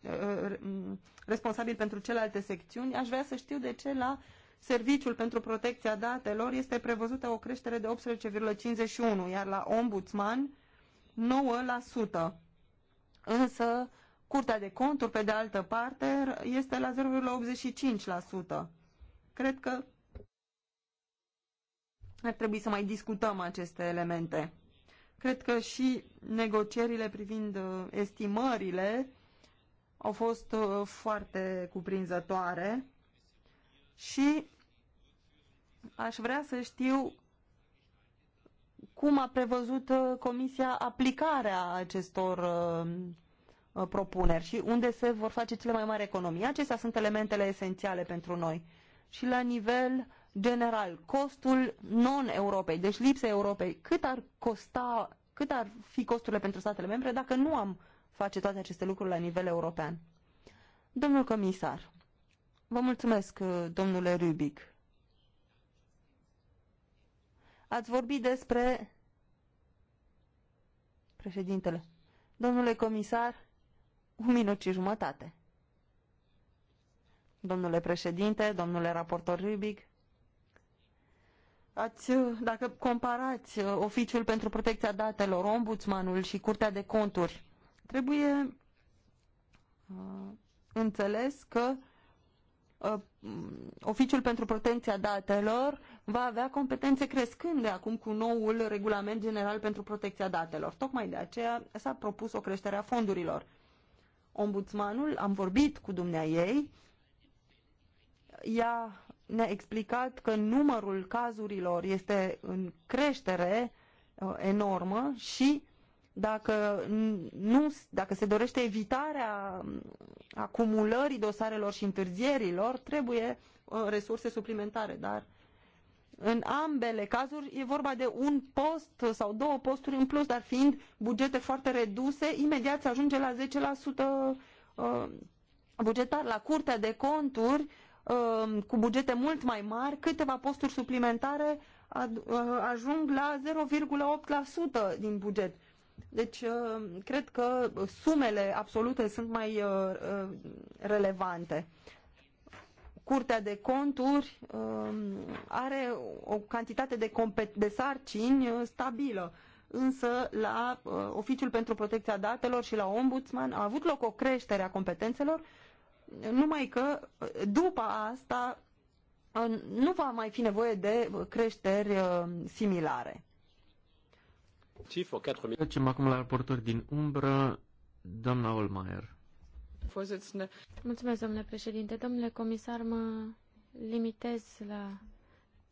mm, responsabil pentru celelalte secțiuni. Aș vrea să știu de ce la Serviciul pentru protecția datelor este prevăzută o creștere de 18,51, iar la ombudsman 9%. Însă, Curtea de conturi, pe de altă parte, este la 0,85%. Cred că ar trebui să mai discutăm aceste elemente. Cred că și negocierile privind uh, estimările au fost uh, foarte cuprinzătoare și aș vrea să știu cum a prevăzut uh, Comisia aplicarea acestor uh, uh, propuneri și unde se vor face cele mai mari economii. Acestea sunt elementele esențiale pentru noi. Și la nivel general, costul non-Europei, deci lipsa Europei, cât ar costa, cât ar fi costurile pentru statele membre dacă nu am face toate aceste lucruri la nivel european? Domnul comisar, vă mulțumesc, domnule Rubic. Ați vorbit despre... Președintele, domnule comisar, un minut și jumătate. Domnule președinte, domnule raportor Rubic, ați, dacă comparați uh, Oficiul pentru Protecția Datelor, Ombudsmanul și Curtea de Conturi, trebuie uh, înțeles că uh, Uh, mm, Oficiul pentru Protecția Datelor va avea competențe crescânde acum cu noul Regulament General pentru Protecția Datelor. Tocmai de aceea s-a propus o creștere a fondurilor. Ombudsmanul, am vorbit cu dumnea ei, ea ne-a explicat că numărul cazurilor este în creștere uh, enormă și dacă, nu, dacă se dorește evitarea acumulării dosarelor și întârzierilor, trebuie uh, resurse suplimentare, dar în ambele cazuri e vorba de un post sau două posturi în plus, dar fiind bugete foarte reduse, imediat se ajunge la 10% uh, bugetar. La Curtea de Conturi, uh, cu bugete mult mai mari, câteva posturi suplimentare ajung la 0,8% din buget deci, uh, cred că sumele absolute sunt mai uh, uh, relevante. Curtea de conturi um, are o cantitate de, de sarcini stabilă, însă la Oficiul pentru Protecția Datelor și la Ombudsman a avut loc o creștere a competențelor, numai că după asta nu va mai fi nevoie de creșteri similare. Trecem acum la raportori din umbră, doamna Olmaier. Mulțumesc, domnule președinte. Domnule comisar, mă limitez la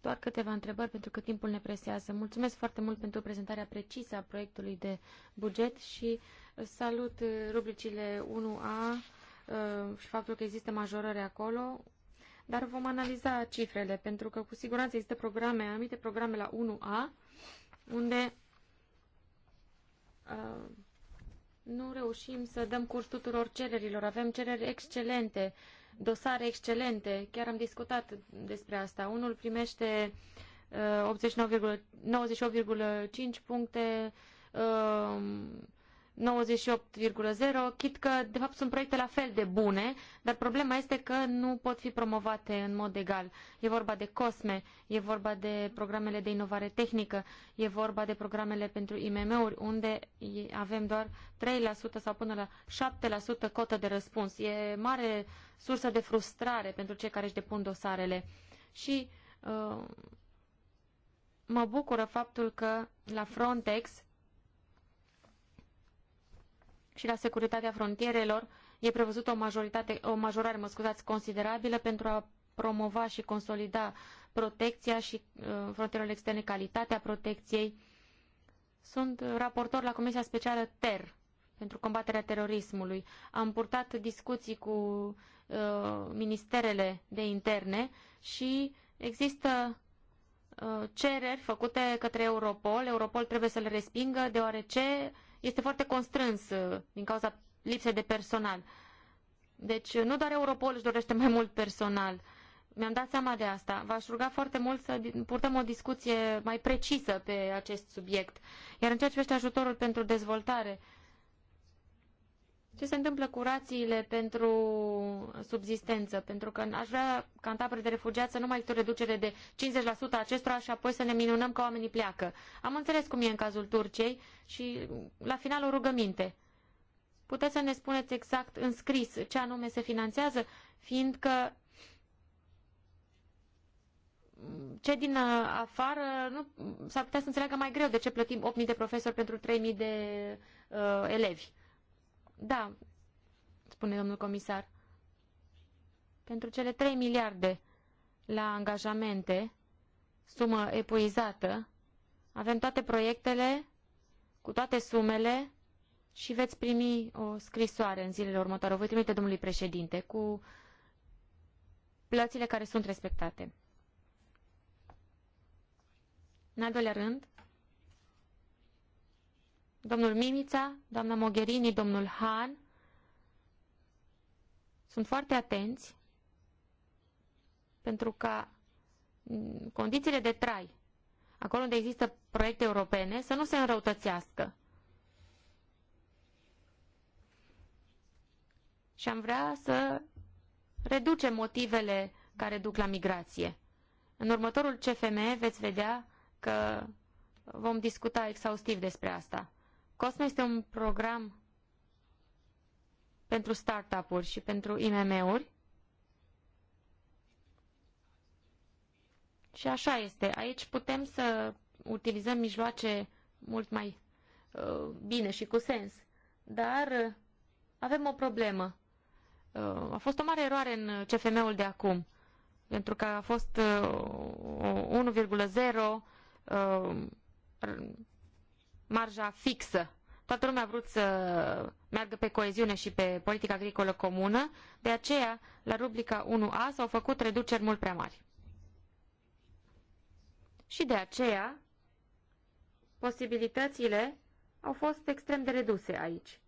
doar câteva întrebări pentru că timpul ne presează. Mulțumesc foarte mult pentru prezentarea precisă a proiectului de buget și salut uh, rubricile 1A uh, și faptul că există majorări acolo, dar vom analiza cifrele pentru că cu siguranță există programe, anumite programe la 1A unde Uh, nu reușim să dăm curs tuturor cererilor. Avem cereri excelente, dosare excelente. Chiar am discutat despre asta. Unul primește uh, 98,5 puncte, uh, 98,0, chit că, de fapt, sunt proiecte la fel de bune, dar problema este că nu pot fi promovate în mod egal. E vorba de COSME, e vorba de programele de inovare tehnică, e vorba de programele pentru IMM-uri, unde avem doar 3% sau până la 7% cotă de răspuns. E mare sursă de frustrare pentru cei care își depun dosarele. Și uh, mă bucură faptul că la Frontex și la securitatea frontierelor e prevăzută o, majoritate, o majorare mă scuzați, considerabilă pentru a promova și consolida protecția și uh, frontierele externe, calitatea protecției. Sunt raportor la Comisia Specială TER pentru combaterea terorismului. Am purtat discuții cu uh, ministerele de interne și există uh, cereri făcute către Europol. Europol trebuie să le respingă deoarece uh, este foarte constrâns uh, din cauza lipsei de personal. Deci uh, nu doar Europol își dorește mai mult personal. Mi-am dat seama de asta. V-aș ruga foarte mult să purtăm o discuție mai precisă pe acest subiect. Iar în ceea ce privește ajutorul pentru dezvoltare, uh, ce se întâmplă cu rațiile pentru subzistență, pentru că aș vrea ca în de refugiați să nu mai este o reducere de 50% acestora și apoi să ne minunăm că oamenii pleacă. Am înțeles cum e în cazul Turciei și la final o rugăminte. Puteți să ne spuneți exact în scris ce anume se finanțează, fiindcă ce din uh, afară nu, s-ar putea să înțeleagă mai greu de ce plătim 8.000 de profesori pentru 3.000 de uh, elevi. Da, spune domnul comisar, pentru cele 3 miliarde la angajamente, sumă epuizată, avem toate proiectele cu toate sumele și veți primi o scrisoare în zilele următoare. O voi trimite domnului președinte cu plățile care sunt respectate. În al doilea rând, domnul Mimița, doamna Mogherini, domnul Han sunt foarte atenți pentru ca mm, condițiile de trai acolo unde există proiecte europene să nu se înrăutățească. Și am vrea să reducem motivele care duc la migrație. În următorul CFM veți vedea că vom discuta exhaustiv despre asta. COSME este un program pentru startup-uri și pentru IMM-uri. Și așa este. Aici putem să utilizăm mijloace mult mai uh, bine și cu sens. Dar uh, avem o problemă. Uh, a fost o mare eroare în CFM-ul de acum, pentru că a fost uh, 1,0 uh, marja fixă. Toată lumea a vrut să meargă pe coeziune și pe politica agricolă comună, de aceea la rubrica 1A s-au făcut reduceri mult prea mari. Și de aceea posibilitățile au fost extrem de reduse aici.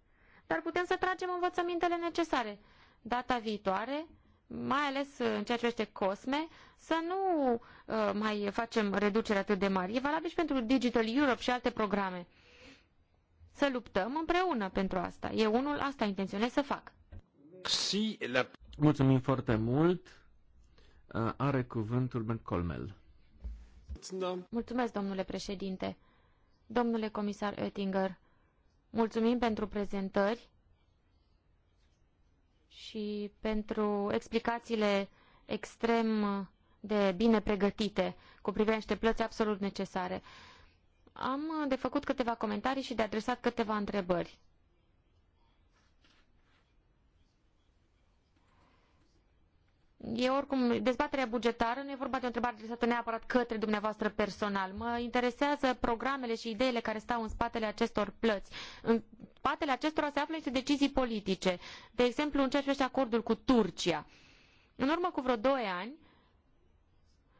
Dar putem să tragem învățămintele necesare. Data viitoare mai ales în ceea ce privește COSME, să nu uh, mai facem reduceri atât de mari. E valabil și pentru Digital Europe și alte programe. Să luptăm împreună pentru asta. Eu unul asta intenționez să fac. Mulțumim foarte mult. Uh, are cuvântul Ben Colmel. Mulțumesc, domnule președinte. Domnule comisar Oettinger, mulțumim pentru prezentări și pentru explicațiile extrem de bine pregătite cu privire la niște plăți absolut necesare. Am de făcut câteva comentarii și de adresat câteva întrebări. e oricum dezbaterea bugetară, nu e vorba de o întrebare adresată neapărat către dumneavoastră personal. Mă interesează programele și ideile care stau în spatele acestor plăți. În spatele acestora se află niște decizii politice. De exemplu, în ceea ce acordul cu Turcia. În urmă cu vreo doi ani,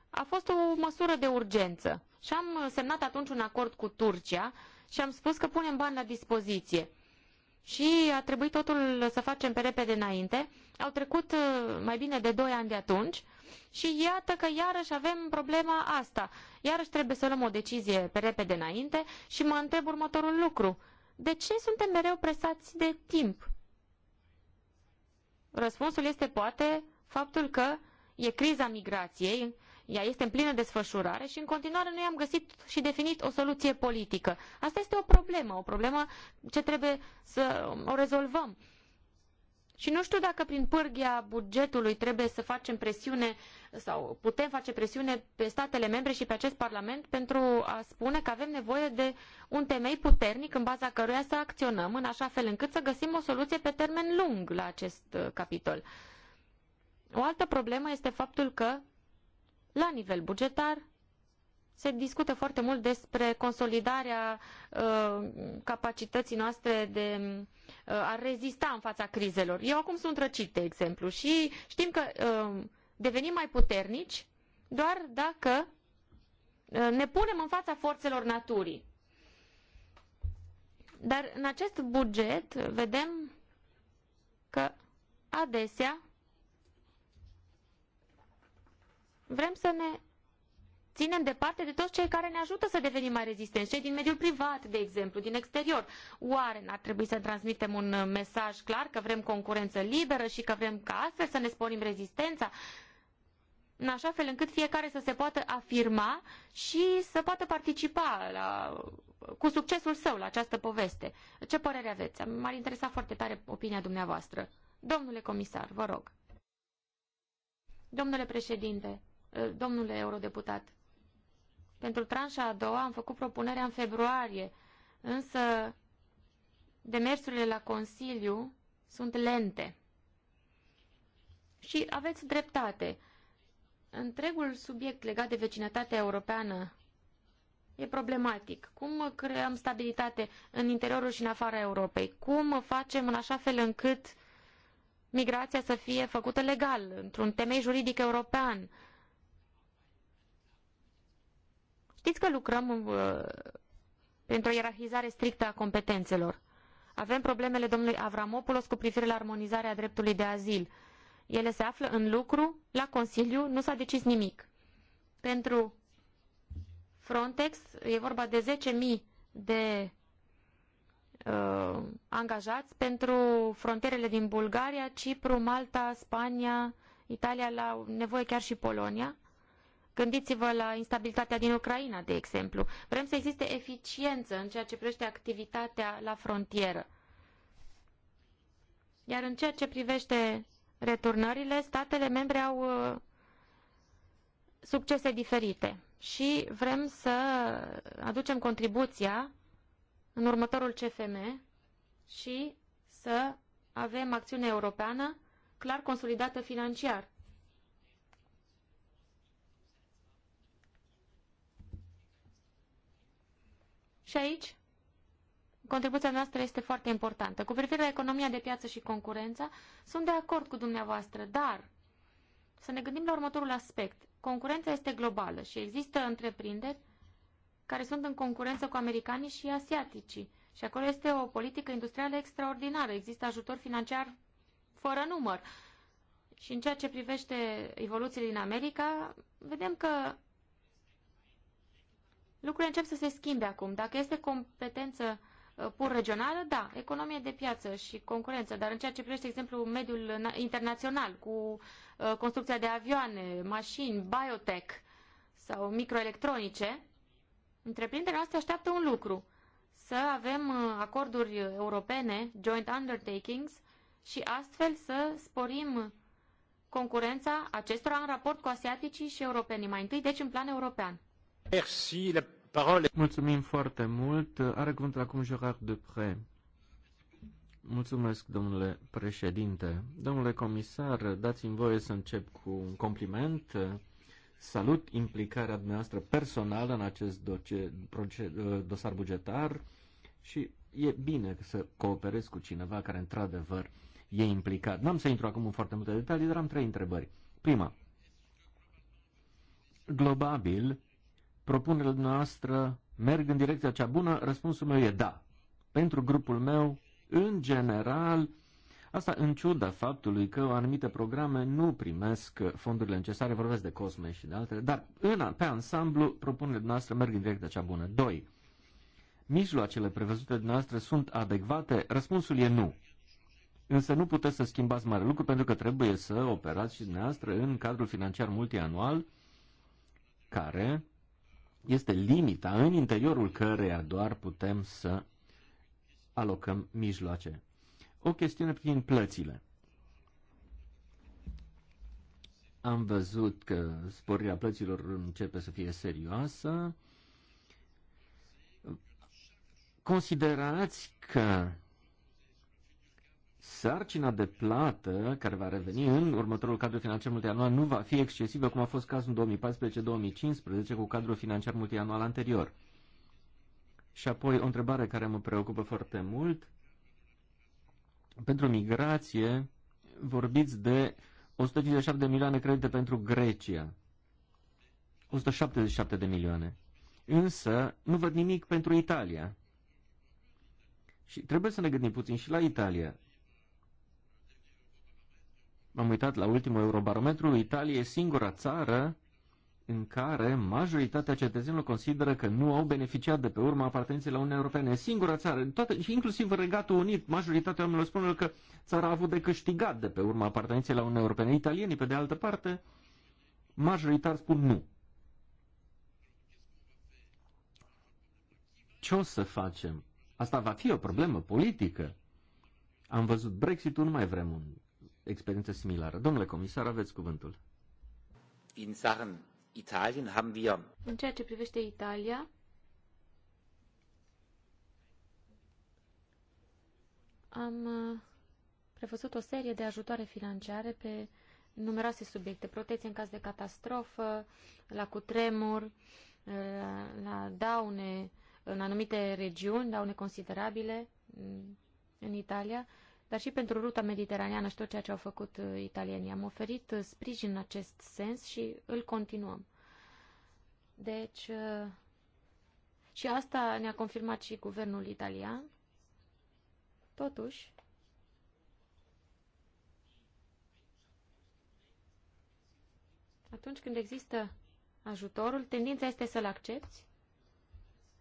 a fost o măsură de urgență. Și am semnat atunci un acord cu Turcia și am spus că punem bani la dispoziție și a trebuit totul să facem pe repede înainte. Au trecut uh, mai bine de 2 ani de atunci și iată că iarăși avem problema asta. Iarăși trebuie să luăm o decizie pe repede înainte și mă întreb următorul lucru. De ce suntem mereu presați de timp? Răspunsul este poate faptul că e criza migrației ea este în plină desfășurare și în continuare noi am găsit și definit o soluție politică. Asta este o problemă, o problemă ce trebuie să o rezolvăm. Și nu știu dacă prin pârghia bugetului trebuie să facem presiune sau putem face presiune pe statele membre și pe acest Parlament pentru a spune că avem nevoie de un temei puternic în baza căruia să acționăm în așa fel încât să găsim o soluție pe termen lung la acest uh, capitol. O altă problemă este faptul că la nivel bugetar, se discută foarte mult despre consolidarea uh, capacității noastre de uh, a rezista în fața crizelor. Eu acum sunt răcit, de exemplu, și știm că uh, devenim mai puternici doar dacă uh, ne punem în fața forțelor naturii. Dar în acest buget vedem că adesea vrem să ne ținem departe de toți cei care ne ajută să devenim mai rezistenți, cei din mediul privat, de exemplu, din exterior. Oare n-ar trebui să transmitem un mesaj clar că vrem concurență liberă și că vrem ca astfel să ne sporim rezistența? În așa fel încât fiecare să se poată afirma și să poată participa la, cu succesul său la această poveste. Ce părere aveți? M-ar interesa foarte tare opinia dumneavoastră. Domnule comisar, vă rog. Domnule președinte, Eh, domnule eurodeputat. Pentru tranșa a doua am făcut propunerea în februarie, însă demersurile la Consiliu sunt lente. Și aveți dreptate. Întregul subiect legat de vecinătatea europeană e problematic. Cum creăm stabilitate în interiorul și în afara Europei? Cum facem în așa fel încât migrația să fie făcută legal, într-un temei juridic european? Știți că lucrăm uh, pentru o ierarhizare strictă a competențelor. Avem problemele domnului Avramopoulos cu privire la armonizarea dreptului de azil. Ele se află în lucru, la Consiliu nu s-a decis nimic. Pentru Frontex e vorba de 10.000 de uh, angajați pentru frontierele din Bulgaria, Cipru, Malta, Spania, Italia, la nevoie chiar și Polonia. Gândiți-vă la instabilitatea din Ucraina, de exemplu. Vrem să existe eficiență în ceea ce privește activitatea la frontieră. Iar în ceea ce privește returnările, statele membre au uh, succese diferite și vrem să aducem contribuția în următorul CFM și să avem acțiune europeană clar consolidată financiar. Și aici contribuția noastră este foarte importantă. Cu privire la economia de piață și concurența, sunt de acord cu dumneavoastră, dar să ne gândim la următorul aspect. Concurența este globală și există întreprinderi care sunt în concurență cu americanii și asiaticii. Și acolo este o politică industrială extraordinară. Există ajutor financiar fără număr. Și în ceea ce privește evoluțiile din America, vedem că lucrurile încep să se schimbe acum. Dacă este competență uh, pur regională, da, economie de piață și concurență, dar în ceea ce privește, exemplu, mediul internațional cu uh, construcția de avioane, mașini, biotech sau microelectronice, întreprinderea noastră așteaptă un lucru, să avem uh, acorduri europene, joint undertakings, și astfel să sporim concurența acestora în raport cu asiaticii și europenii, mai întâi, deci în plan european. Merci, la parole. Mulțumim foarte mult. Are cuvântul acum Gerard Depre. Mulțumesc, domnule președinte. Domnule comisar, dați-mi voie să încep cu un compliment. Salut implicarea dumneavoastră personală în acest dosar bugetar și e bine să cooperez cu cineva care într-adevăr e implicat. N-am să intru acum în foarte multe detalii, dar am trei întrebări. Prima, globabil, propunerile noastre merg în direcția cea bună? Răspunsul meu e da. Pentru grupul meu, în general, asta în ciuda faptului că anumite programe nu primesc fondurile necesare, vorbesc de Cosme și de altele, dar în, pe ansamblu, propunerile noastre merg în direcția cea bună. 2. Mijloacele prevăzute de noastre sunt adecvate? Răspunsul e nu. Însă nu puteți să schimbați mare lucru pentru că trebuie să operați și dumneavoastră în cadrul financiar multianual care este limita în interiorul căreia doar putem să alocăm mijloace. O chestiune prin plățile. Am văzut că sporirea plăților începe să fie serioasă. Considerați că sarcina de plată care va reveni în următorul cadru financiar multianual nu va fi excesivă, cum a fost cazul în 2014-2015 cu cadrul financiar multianual anterior. Și apoi o întrebare care mă preocupă foarte mult. Pentru migrație vorbiți de 157 de milioane credite pentru Grecia. 177 de milioane. Însă nu văd nimic pentru Italia. Și trebuie să ne gândim puțin și la Italia. M-am uitat la ultimul eurobarometru, Italia e singura țară în care majoritatea cetățenilor consideră că nu au beneficiat de pe urma apartenței la Uniunea Europeană. E singura țară, și inclusiv Regatul Unit, majoritatea oamenilor spun că țara a avut de câștigat de pe urma apartenței la Uniunea Europeană. Italienii, pe de altă parte, majoritar spun nu. Ce o să facem? Asta va fi o problemă politică. Am văzut Brexit-ul, nu mai vrem un experiență similară. Domnule comisar, aveți cuvântul. In Sachen Italien haben wir... În ceea ce privește Italia, am uh, prevăzut o serie de ajutoare financiare pe numeroase subiecte. Protecție în caz de catastrofă, la cutremur, uh, la daune în anumite regiuni, daune considerabile mm, în Italia dar și pentru ruta mediteraneană și tot ceea ce au făcut uh, italienii. Am oferit uh, sprijin în acest sens și îl continuăm. Deci, uh, și asta ne-a confirmat și guvernul italian. Totuși, atunci când există ajutorul, tendința este să-l accepti,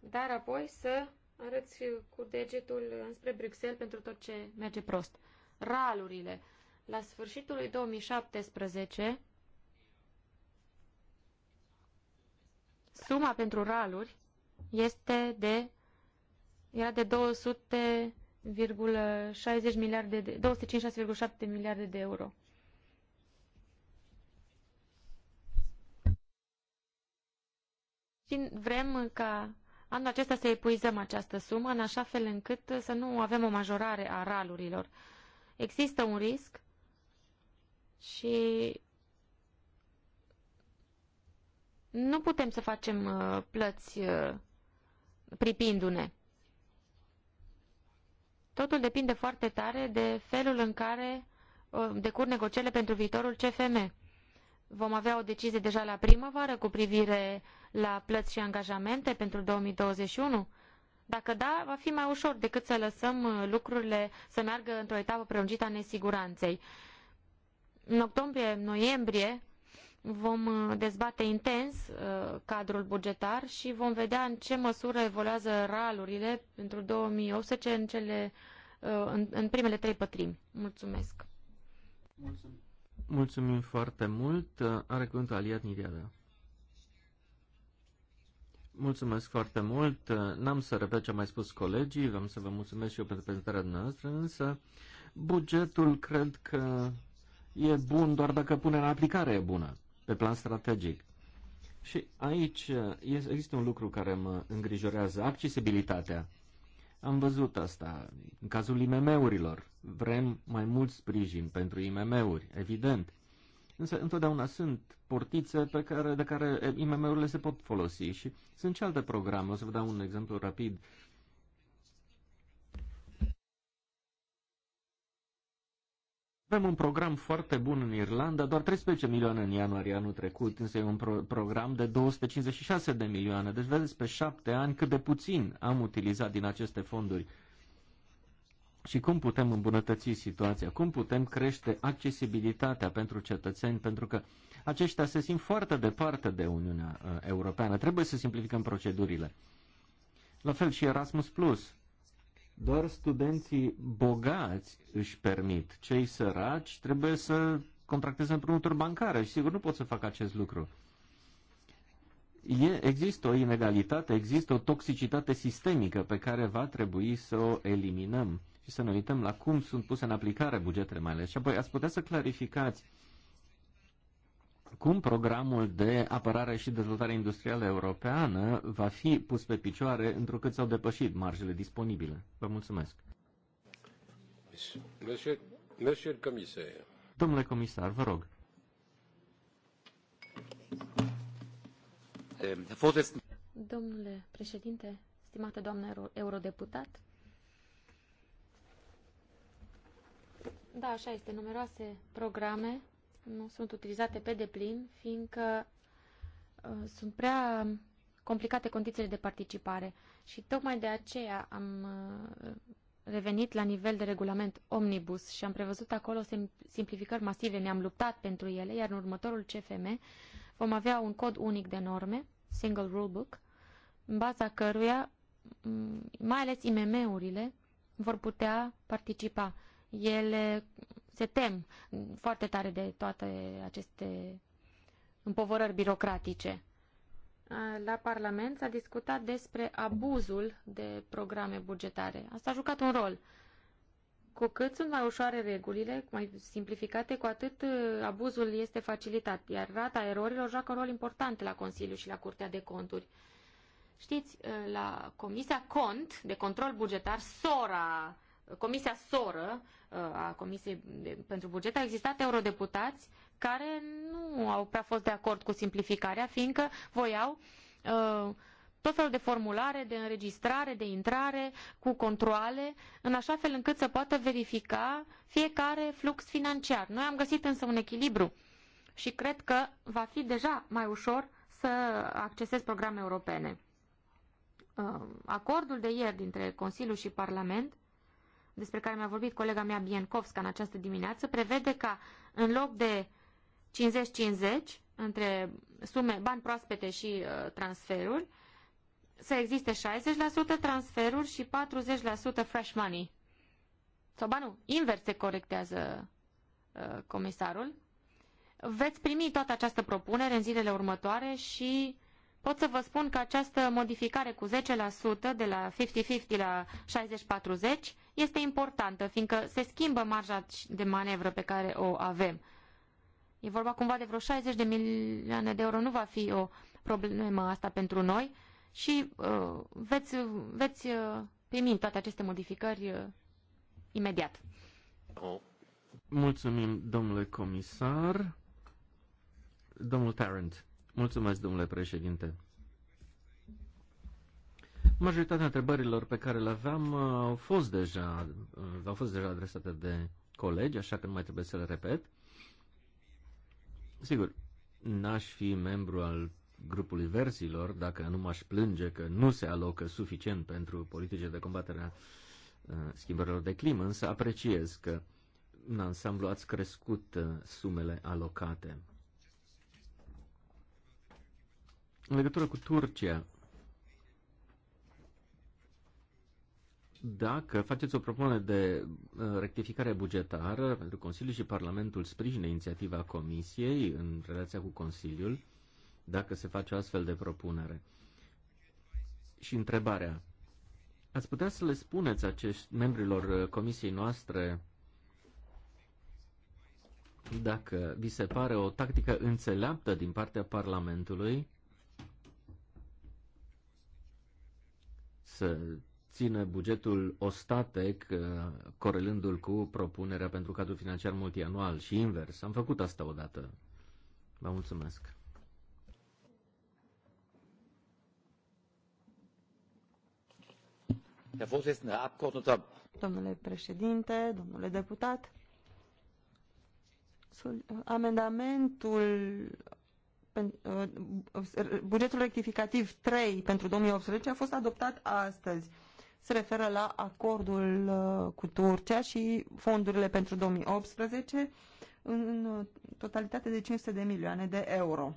dar apoi să arăți cu degetul înspre Bruxelles pentru tot ce merge prost. Ralurile. La sfârșitul lui 2017, suma pentru raluri este de era de 200 miliarde de, 256,7 miliarde de euro. Și vrem ca anul acesta să epuizăm această sumă în așa fel încât să nu avem o majorare a ralurilor. Există un risc și nu putem să facem uh, plăți uh, pripindu-ne. Totul depinde foarte tare de felul în care uh, decur negocierile pentru viitorul CFM. Vom avea o decizie deja la primăvară cu privire la plăți și angajamente pentru 2021? Dacă da, va fi mai ușor decât să lăsăm uh, lucrurile să meargă într-o etapă prelungită a nesiguranței. În octombrie-noiembrie vom uh, dezbate intens uh, cadrul bugetar și vom vedea în ce măsură evoluează ralurile pentru 2018 în, cele, uh, în, în primele trei pătrimi. Mulțumesc! Mulțumim, Mulțumim foarte mult! Are cuvântul Aliat Nidia. Mulțumesc foarte mult. N-am să repet ce am mai spus colegii, vreau să vă mulțumesc și eu pentru prezentarea noastră, însă bugetul cred că e bun doar dacă punerea în aplicare e bună, pe plan strategic. Și aici există un lucru care mă îngrijorează, accesibilitatea. Am văzut asta în cazul IMM-urilor. Vrem mai mult sprijin pentru IMM-uri, evident. Însă întotdeauna sunt portițe pe care, de care IMM-urile se pot folosi și sunt și alte programe. O să vă dau un exemplu rapid. Avem un program foarte bun în Irlanda, doar 13 milioane în ianuarie anul trecut, însă e un pro- program de 256 de milioane. Deci vedeți pe șapte ani cât de puțin am utilizat din aceste fonduri și cum putem îmbunătăți situația, cum putem crește accesibilitatea pentru cetățeni, pentru că aceștia se simt foarte departe de Uniunea uh, Europeană. Trebuie să simplificăm procedurile. La fel și Erasmus Plus. Doar studenții bogați își permit. Cei săraci trebuie să contracteze împrumuturi bancare și sigur nu pot să facă acest lucru. E, există o inegalitate, există o toxicitate sistemică pe care va trebui să o eliminăm și să ne uităm la cum sunt puse în aplicare bugetele mai ales. Și apoi ați putea să clarificați cum programul de apărare și dezvoltare industrială europeană va fi pus pe picioare întrucât s-au depășit marjele disponibile. Vă mulțumesc. Monsieur, monsieur comisar. Domnule comisar, vă rog. Eh, Domnule președinte, stimată doamnă eurodeputat, Da, așa este. Numeroase programe nu sunt utilizate pe deplin, fiindcă uh, sunt prea complicate condițiile de participare. Și tocmai de aceea am uh, revenit la nivel de regulament omnibus și am prevăzut acolo simplificări masive, ne-am luptat pentru ele, iar în următorul CFM vom avea un cod unic de norme, Single Rulebook, în baza căruia mm, mai ales IMM-urile vor putea participa ele se tem foarte tare de toate aceste împovărări birocratice. La Parlament s-a discutat despre abuzul de programe bugetare. Asta a jucat un rol. Cu cât sunt mai ușoare regulile, mai simplificate, cu atât uh, abuzul este facilitat, iar rata erorilor joacă un rol important la Consiliu și la Curtea de Conturi. Știți, uh, la Comisia Cont de Control Bugetar, sora comisia soră uh, a Comisiei pentru Buget, au existat eurodeputați care nu au prea fost de acord cu simplificarea, fiindcă voiau uh, tot felul de formulare, de înregistrare, de intrare, cu controle, în așa fel încât să poată verifica fiecare flux financiar. Noi am găsit însă un echilibru și cred că va fi deja mai ușor să accesez programe europene. Uh, acordul de ieri dintre Consiliu și Parlament despre care mi-a vorbit colega mea Biencovska în această dimineață, prevede ca în loc de 50-50 între sume, bani proaspete și uh, transferuri, să existe 60% transferuri și 40% fresh money. Sau, ba nu, invers se corectează uh, comisarul. Veți primi toată această propunere în zilele următoare și pot să vă spun că această modificare cu 10% de la 50-50 la 60-40 este importantă, fiindcă se schimbă marja de manevră pe care o avem. E vorba cumva de vreo 60 de milioane de euro, nu va fi o problemă asta pentru noi și uh, veți, veți uh, primi toate aceste modificări uh, imediat. Mulțumim, domnule comisar. Domnul Tarrant. Mulțumesc, domnule președinte. Majoritatea întrebărilor pe care le aveam uh, au fost deja, uh, au fost deja adresate de colegi, așa că nu mai trebuie să le repet. Sigur, n-aș fi membru al grupului versilor dacă nu m-aș plânge că nu se alocă suficient pentru politice de combatere a uh, schimbărilor de climă, însă apreciez că în ansamblu ați crescut sumele alocate. În legătură cu Turcia, dacă faceți o propunere de uh, rectificare bugetară pentru Consiliu și Parlamentul sprijină inițiativa Comisiei în relația cu Consiliul, dacă se face o astfel de propunere. Și întrebarea, ați putea să le spuneți acești membrilor uh, Comisiei noastre dacă vi se pare o tactică înțeleaptă din partea Parlamentului să susține bugetul OSTATEC uh, corelându-l cu propunerea pentru cadrul financiar multianual și invers. Am făcut asta odată. Vă mulțumesc. Domnule președinte, domnule deputat, amendamentul uh, bugetul rectificativ 3 pentru 2018 a fost adoptat astăzi se referă la acordul uh, cu Turcia și fondurile pentru 2018 în uh, totalitate de 500 de milioane de euro.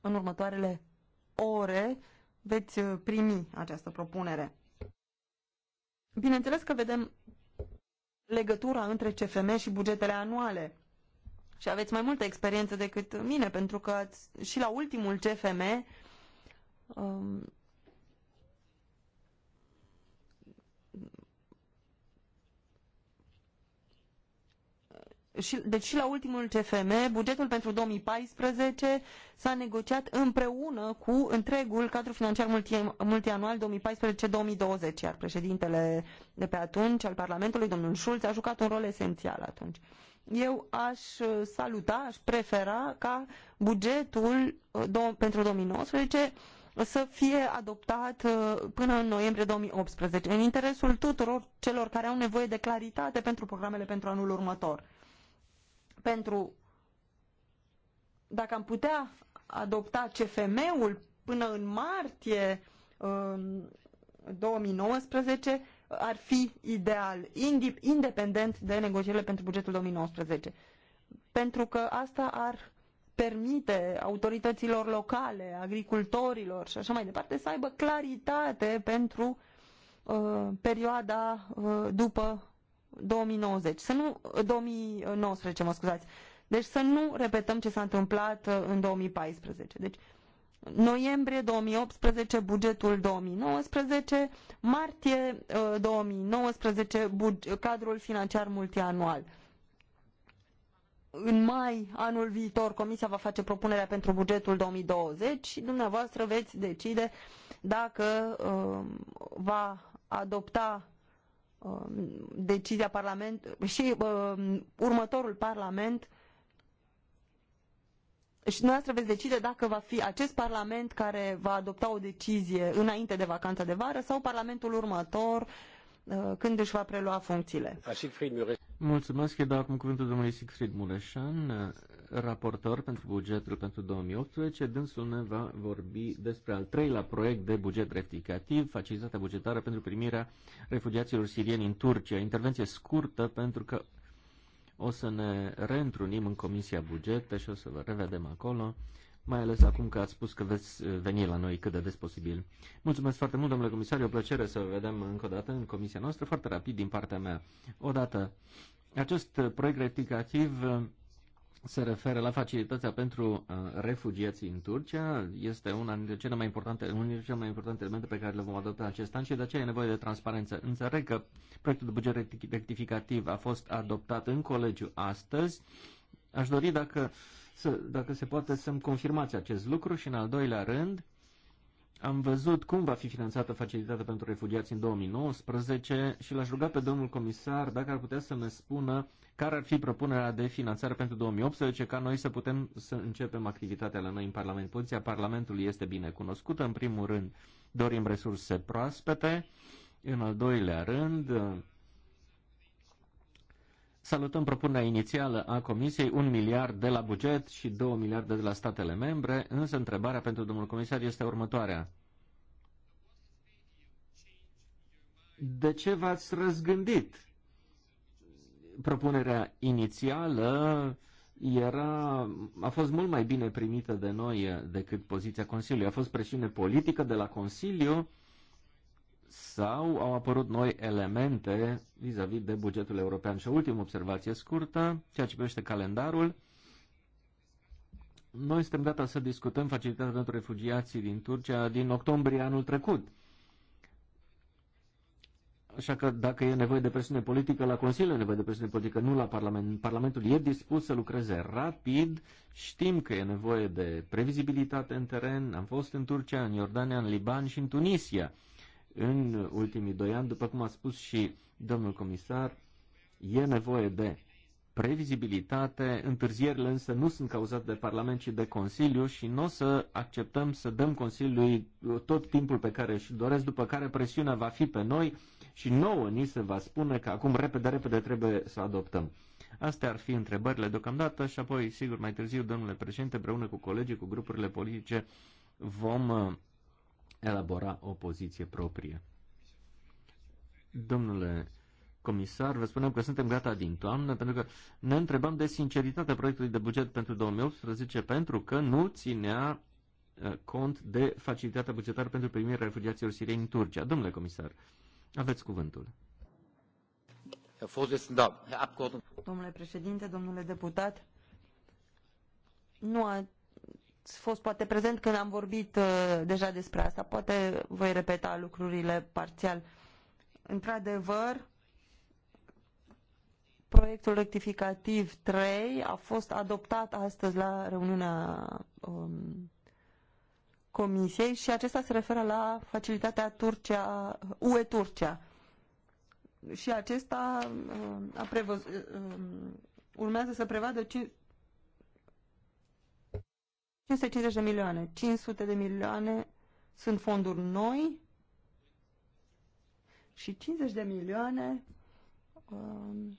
În următoarele ore veți uh, primi această propunere. Bineînțeles că vedem legătura între CFM și bugetele anuale. Și aveți mai multă experiență decât mine, pentru că și la ultimul CFM um, și, deci și la ultimul CFM, bugetul pentru 2014 s-a negociat împreună cu întregul cadru financiar multi, multianual 2014-2020, iar președintele de pe atunci al Parlamentului, domnul Schulz, a jucat un rol esențial atunci. Eu aș uh, saluta, aș prefera ca bugetul uh, do, pentru 2019 să fie adoptat uh, până în noiembrie 2018, în interesul tuturor celor care au nevoie de claritate pentru programele pentru anul următor pentru dacă am putea adopta CFM-ul până în martie 2019 ar fi ideal, independent de negocierile pentru bugetul 2019. Pentru că asta ar permite autorităților locale, agricultorilor și așa mai departe să aibă claritate pentru uh, perioada uh, după 2090, să nu, 2019, mă scuzați. Deci să nu repetăm ce s-a întâmplat uh, în 2014. Deci noiembrie 2018 bugetul 2019, martie 2019 uh, cadrul financiar multianual. În mai anul viitor Comisia va face propunerea pentru bugetul 2020 și dumneavoastră veți decide dacă uh, va adopta Um, decizia Parlament și uh, următorul Parlament și dumneavoastră veți decide dacă va fi acest Parlament care va adopta o decizie înainte de vacanța de vară sau Parlamentul următor uh, când își va prelua funcțiile. Mulțumesc, e dau acum cuvântul domnului Sigfrid Mureșan, raportor pentru bugetul pentru 2018. Dânsul ne va vorbi despre al treilea proiect de buget rectificativ, facilitatea bugetară pentru primirea refugiaților sirieni în Turcia. Intervenție scurtă pentru că o să ne reîntrunim în Comisia Bugete și o să vă revedem acolo, mai ales acum că ați spus că veți veni la noi cât de des posibil. Mulțumesc foarte mult, domnule comisar, e o plăcere să vă vedem încă o dată în Comisia noastră, foarte rapid din partea mea. Odată, acest proiect rectificativ se referă la facilitatea pentru uh, refugiații în Turcia. Este una dintre cele mai importante, unul dintre cele mai importante elemente pe care le vom adopta acest an și de aceea e nevoie de transparență. Înțeleg că proiectul de buget rectificativ a fost adoptat în colegiu astăzi. Aș dori dacă, să, dacă se poate să-mi confirmați acest lucru și în al doilea rând, am văzut cum va fi finanțată facilitatea pentru refugiați în 2019 și l-aș ruga pe domnul comisar dacă ar putea să ne spună care ar fi propunerea de finanțare pentru 2018 ca noi să putem să începem activitatea la noi în Parlament. Poziția Parlamentului este bine cunoscută. În primul rând dorim resurse proaspete. În al doilea rând Salutăm propunerea inițială a Comisiei, un miliard de la buget și două miliarde de la statele membre, însă întrebarea pentru domnul comisar este următoarea. De ce v-ați răzgândit? Propunerea inițială era, a fost mult mai bine primită de noi decât poziția Consiliului. A fost presiune politică de la Consiliu sau au apărut noi elemente vis-a-vis -vis de bugetul european. Și o ultimă observație scurtă, ceea ce privește calendarul. Noi suntem gata să discutăm facilitatea pentru refugiații din Turcia din octombrie anul trecut. Așa că dacă e nevoie de presiune politică, la Consiliu e nevoie de presiune politică, nu la Parlament. Parlamentul e dispus să lucreze rapid, știm că e nevoie de previzibilitate în teren, am fost în Turcia, în Iordania, în Liban și în Tunisia în ultimii doi ani, după cum a spus și domnul comisar, e nevoie de previzibilitate, întârzierile însă nu sunt cauzate de Parlament, ci de Consiliu și nu o să acceptăm să dăm Consiliului tot timpul pe care își doresc, după care presiunea va fi pe noi și nouă ni se va spune că acum repede, repede trebuie să adoptăm. Astea ar fi întrebările deocamdată și apoi, sigur, mai târziu, domnule președinte, împreună cu colegii, cu grupurile politice, vom elabora o poziție proprie. Domnule comisar, vă spunem că suntem gata din toamnă, pentru că ne întrebăm de sinceritatea proiectului de buget pentru 2018, pentru că nu ținea eh, cont de facilitatea bugetară pentru primirea refugiaților sirieni în Turcia. Domnule comisar, aveți cuvântul. Domnule președinte, domnule deputat, nu a ați fost poate prezent când am vorbit uh, deja despre asta. Poate voi repeta lucrurile parțial. Într-adevăr, proiectul rectificativ 3 a fost adoptat astăzi la reuniunea um, Comisiei și acesta se referă la facilitatea Turcia, uh, UE-Turcia. Și acesta um, a prevăzut, um, urmează să prevadă 550 de milioane, 500 de milioane sunt fonduri noi și 50 de milioane um,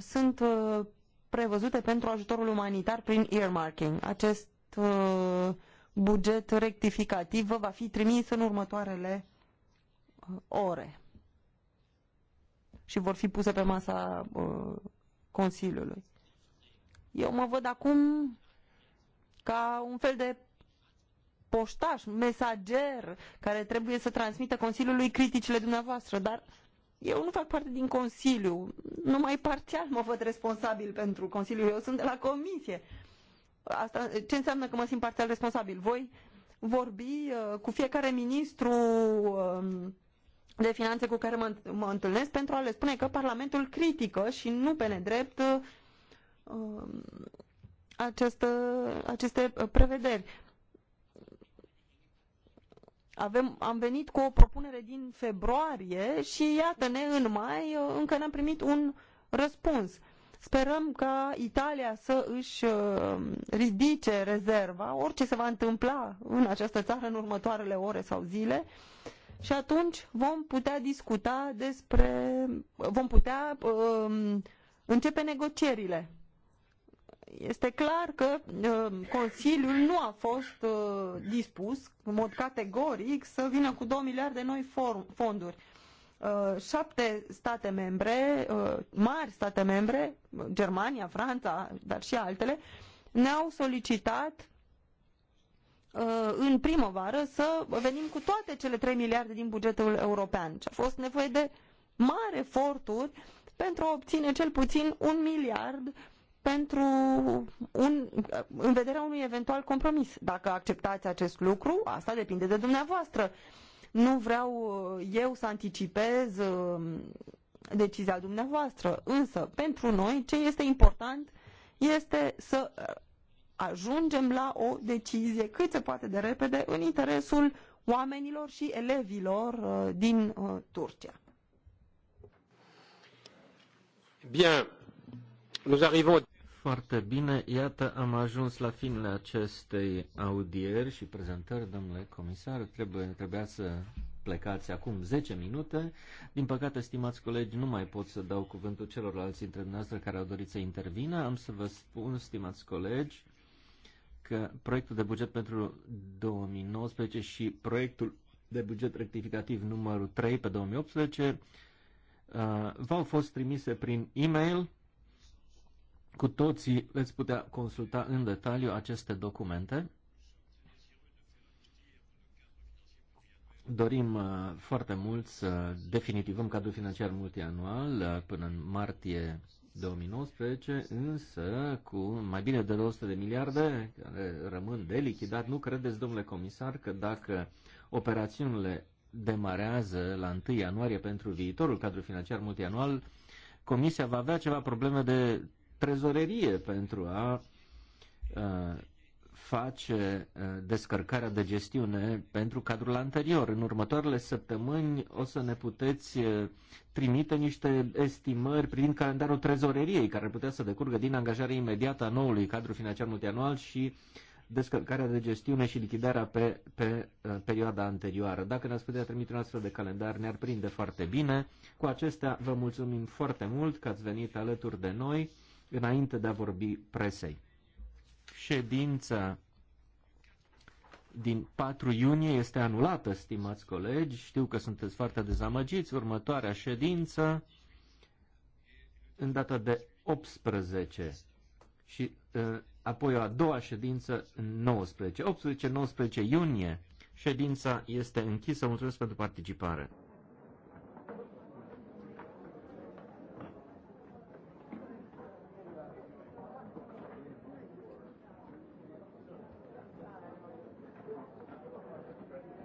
sunt uh, prevăzute pentru ajutorul umanitar prin earmarking. Acest uh, buget rectificativ vă va fi trimis în următoarele uh, ore și vor fi puse pe masa uh, Consiliului. Eu mă văd acum ca un fel de poștaș, mesager, care trebuie să transmită Consiliului criticile dumneavoastră, dar eu nu fac parte din Consiliu, numai parțial mă văd responsabil pentru Consiliu, eu sunt de la Comisie. Asta, ce înseamnă că mă simt parțial responsabil? Voi vorbi uh, cu fiecare ministru uh, de finanțe cu care mă, mă întâlnesc pentru a le spune că Parlamentul critică și nu pe nedrept uh, Um, această, aceste prevederi. Avem, am venit cu o propunere din februarie și iată-ne în mai, uh, încă n-am primit un răspuns. Sperăm ca Italia să își uh, ridice rezerva, orice se va întâmpla în această țară în următoarele ore sau zile, și atunci vom putea discuta despre, vom putea um, începe negocierile este clar că uh, Consiliul nu a fost uh, dispus în mod categoric să vină cu 2 miliarde noi fonduri. Uh, șapte state membre, mari state membre, Germania, Franța, dar și altele, ne-au solicitat în primăvară să venim cu toate cele 3 miliarde din bugetul european. Și a fost nevoie de mari eforturi pentru a obține cel puțin un miliard pentru un, în vederea unui eventual compromis. Dacă acceptați acest lucru, asta depinde de dumneavoastră. Nu vreau uh, eu să anticipez uh, decizia dumneavoastră, însă pentru noi ce este important este să uh, ajungem la o decizie cât se poate de repede în interesul oamenilor și elevilor din Turcia. Bien, nous arrivons foarte bine, iată am ajuns la finele acestei audieri și prezentări, domnule comisar. Trebuie, trebuia să plecați acum 10 minute. Din păcate, stimați colegi, nu mai pot să dau cuvântul celorlalți dintre dumneavoastră care au dorit să intervină. Am să vă spun, stimați colegi, că proiectul de buget pentru 2019 și proiectul de buget rectificativ numărul 3 pe 2018 uh, v-au fost trimise prin e-mail cu toții veți putea consulta în detaliu aceste documente. Dorim uh, foarte mult să definitivăm cadrul financiar multianual uh, până în martie 2019, însă cu mai bine de 200 de miliarde care rămân de lichidat, nu credeți, domnule comisar, că dacă operațiunile demarează la 1 ianuarie pentru viitorul cadru financiar multianual, Comisia va avea ceva probleme de trezorerie pentru a face descărcarea de gestiune pentru cadrul anterior. În următoarele săptămâni o să ne puteți trimite niște estimări privind calendarul trezoreriei, care putea să decurgă din angajarea imediată a noului cadru financiar multianual și descărcarea de gestiune și lichidarea pe, pe perioada anterioară. Dacă ne-ați putea trimite un astfel de calendar, ne-ar prinde foarte bine. Cu acestea vă mulțumim foarte mult că ați venit alături de noi înainte de a vorbi presei. Ședința din 4 iunie este anulată, stimați colegi. Știu că sunteți foarte dezamăgiți. Următoarea ședință în data de 18 și uh, apoi a doua ședință în 19. 18-19 iunie. Ședința este închisă. Mulțumesc pentru participare.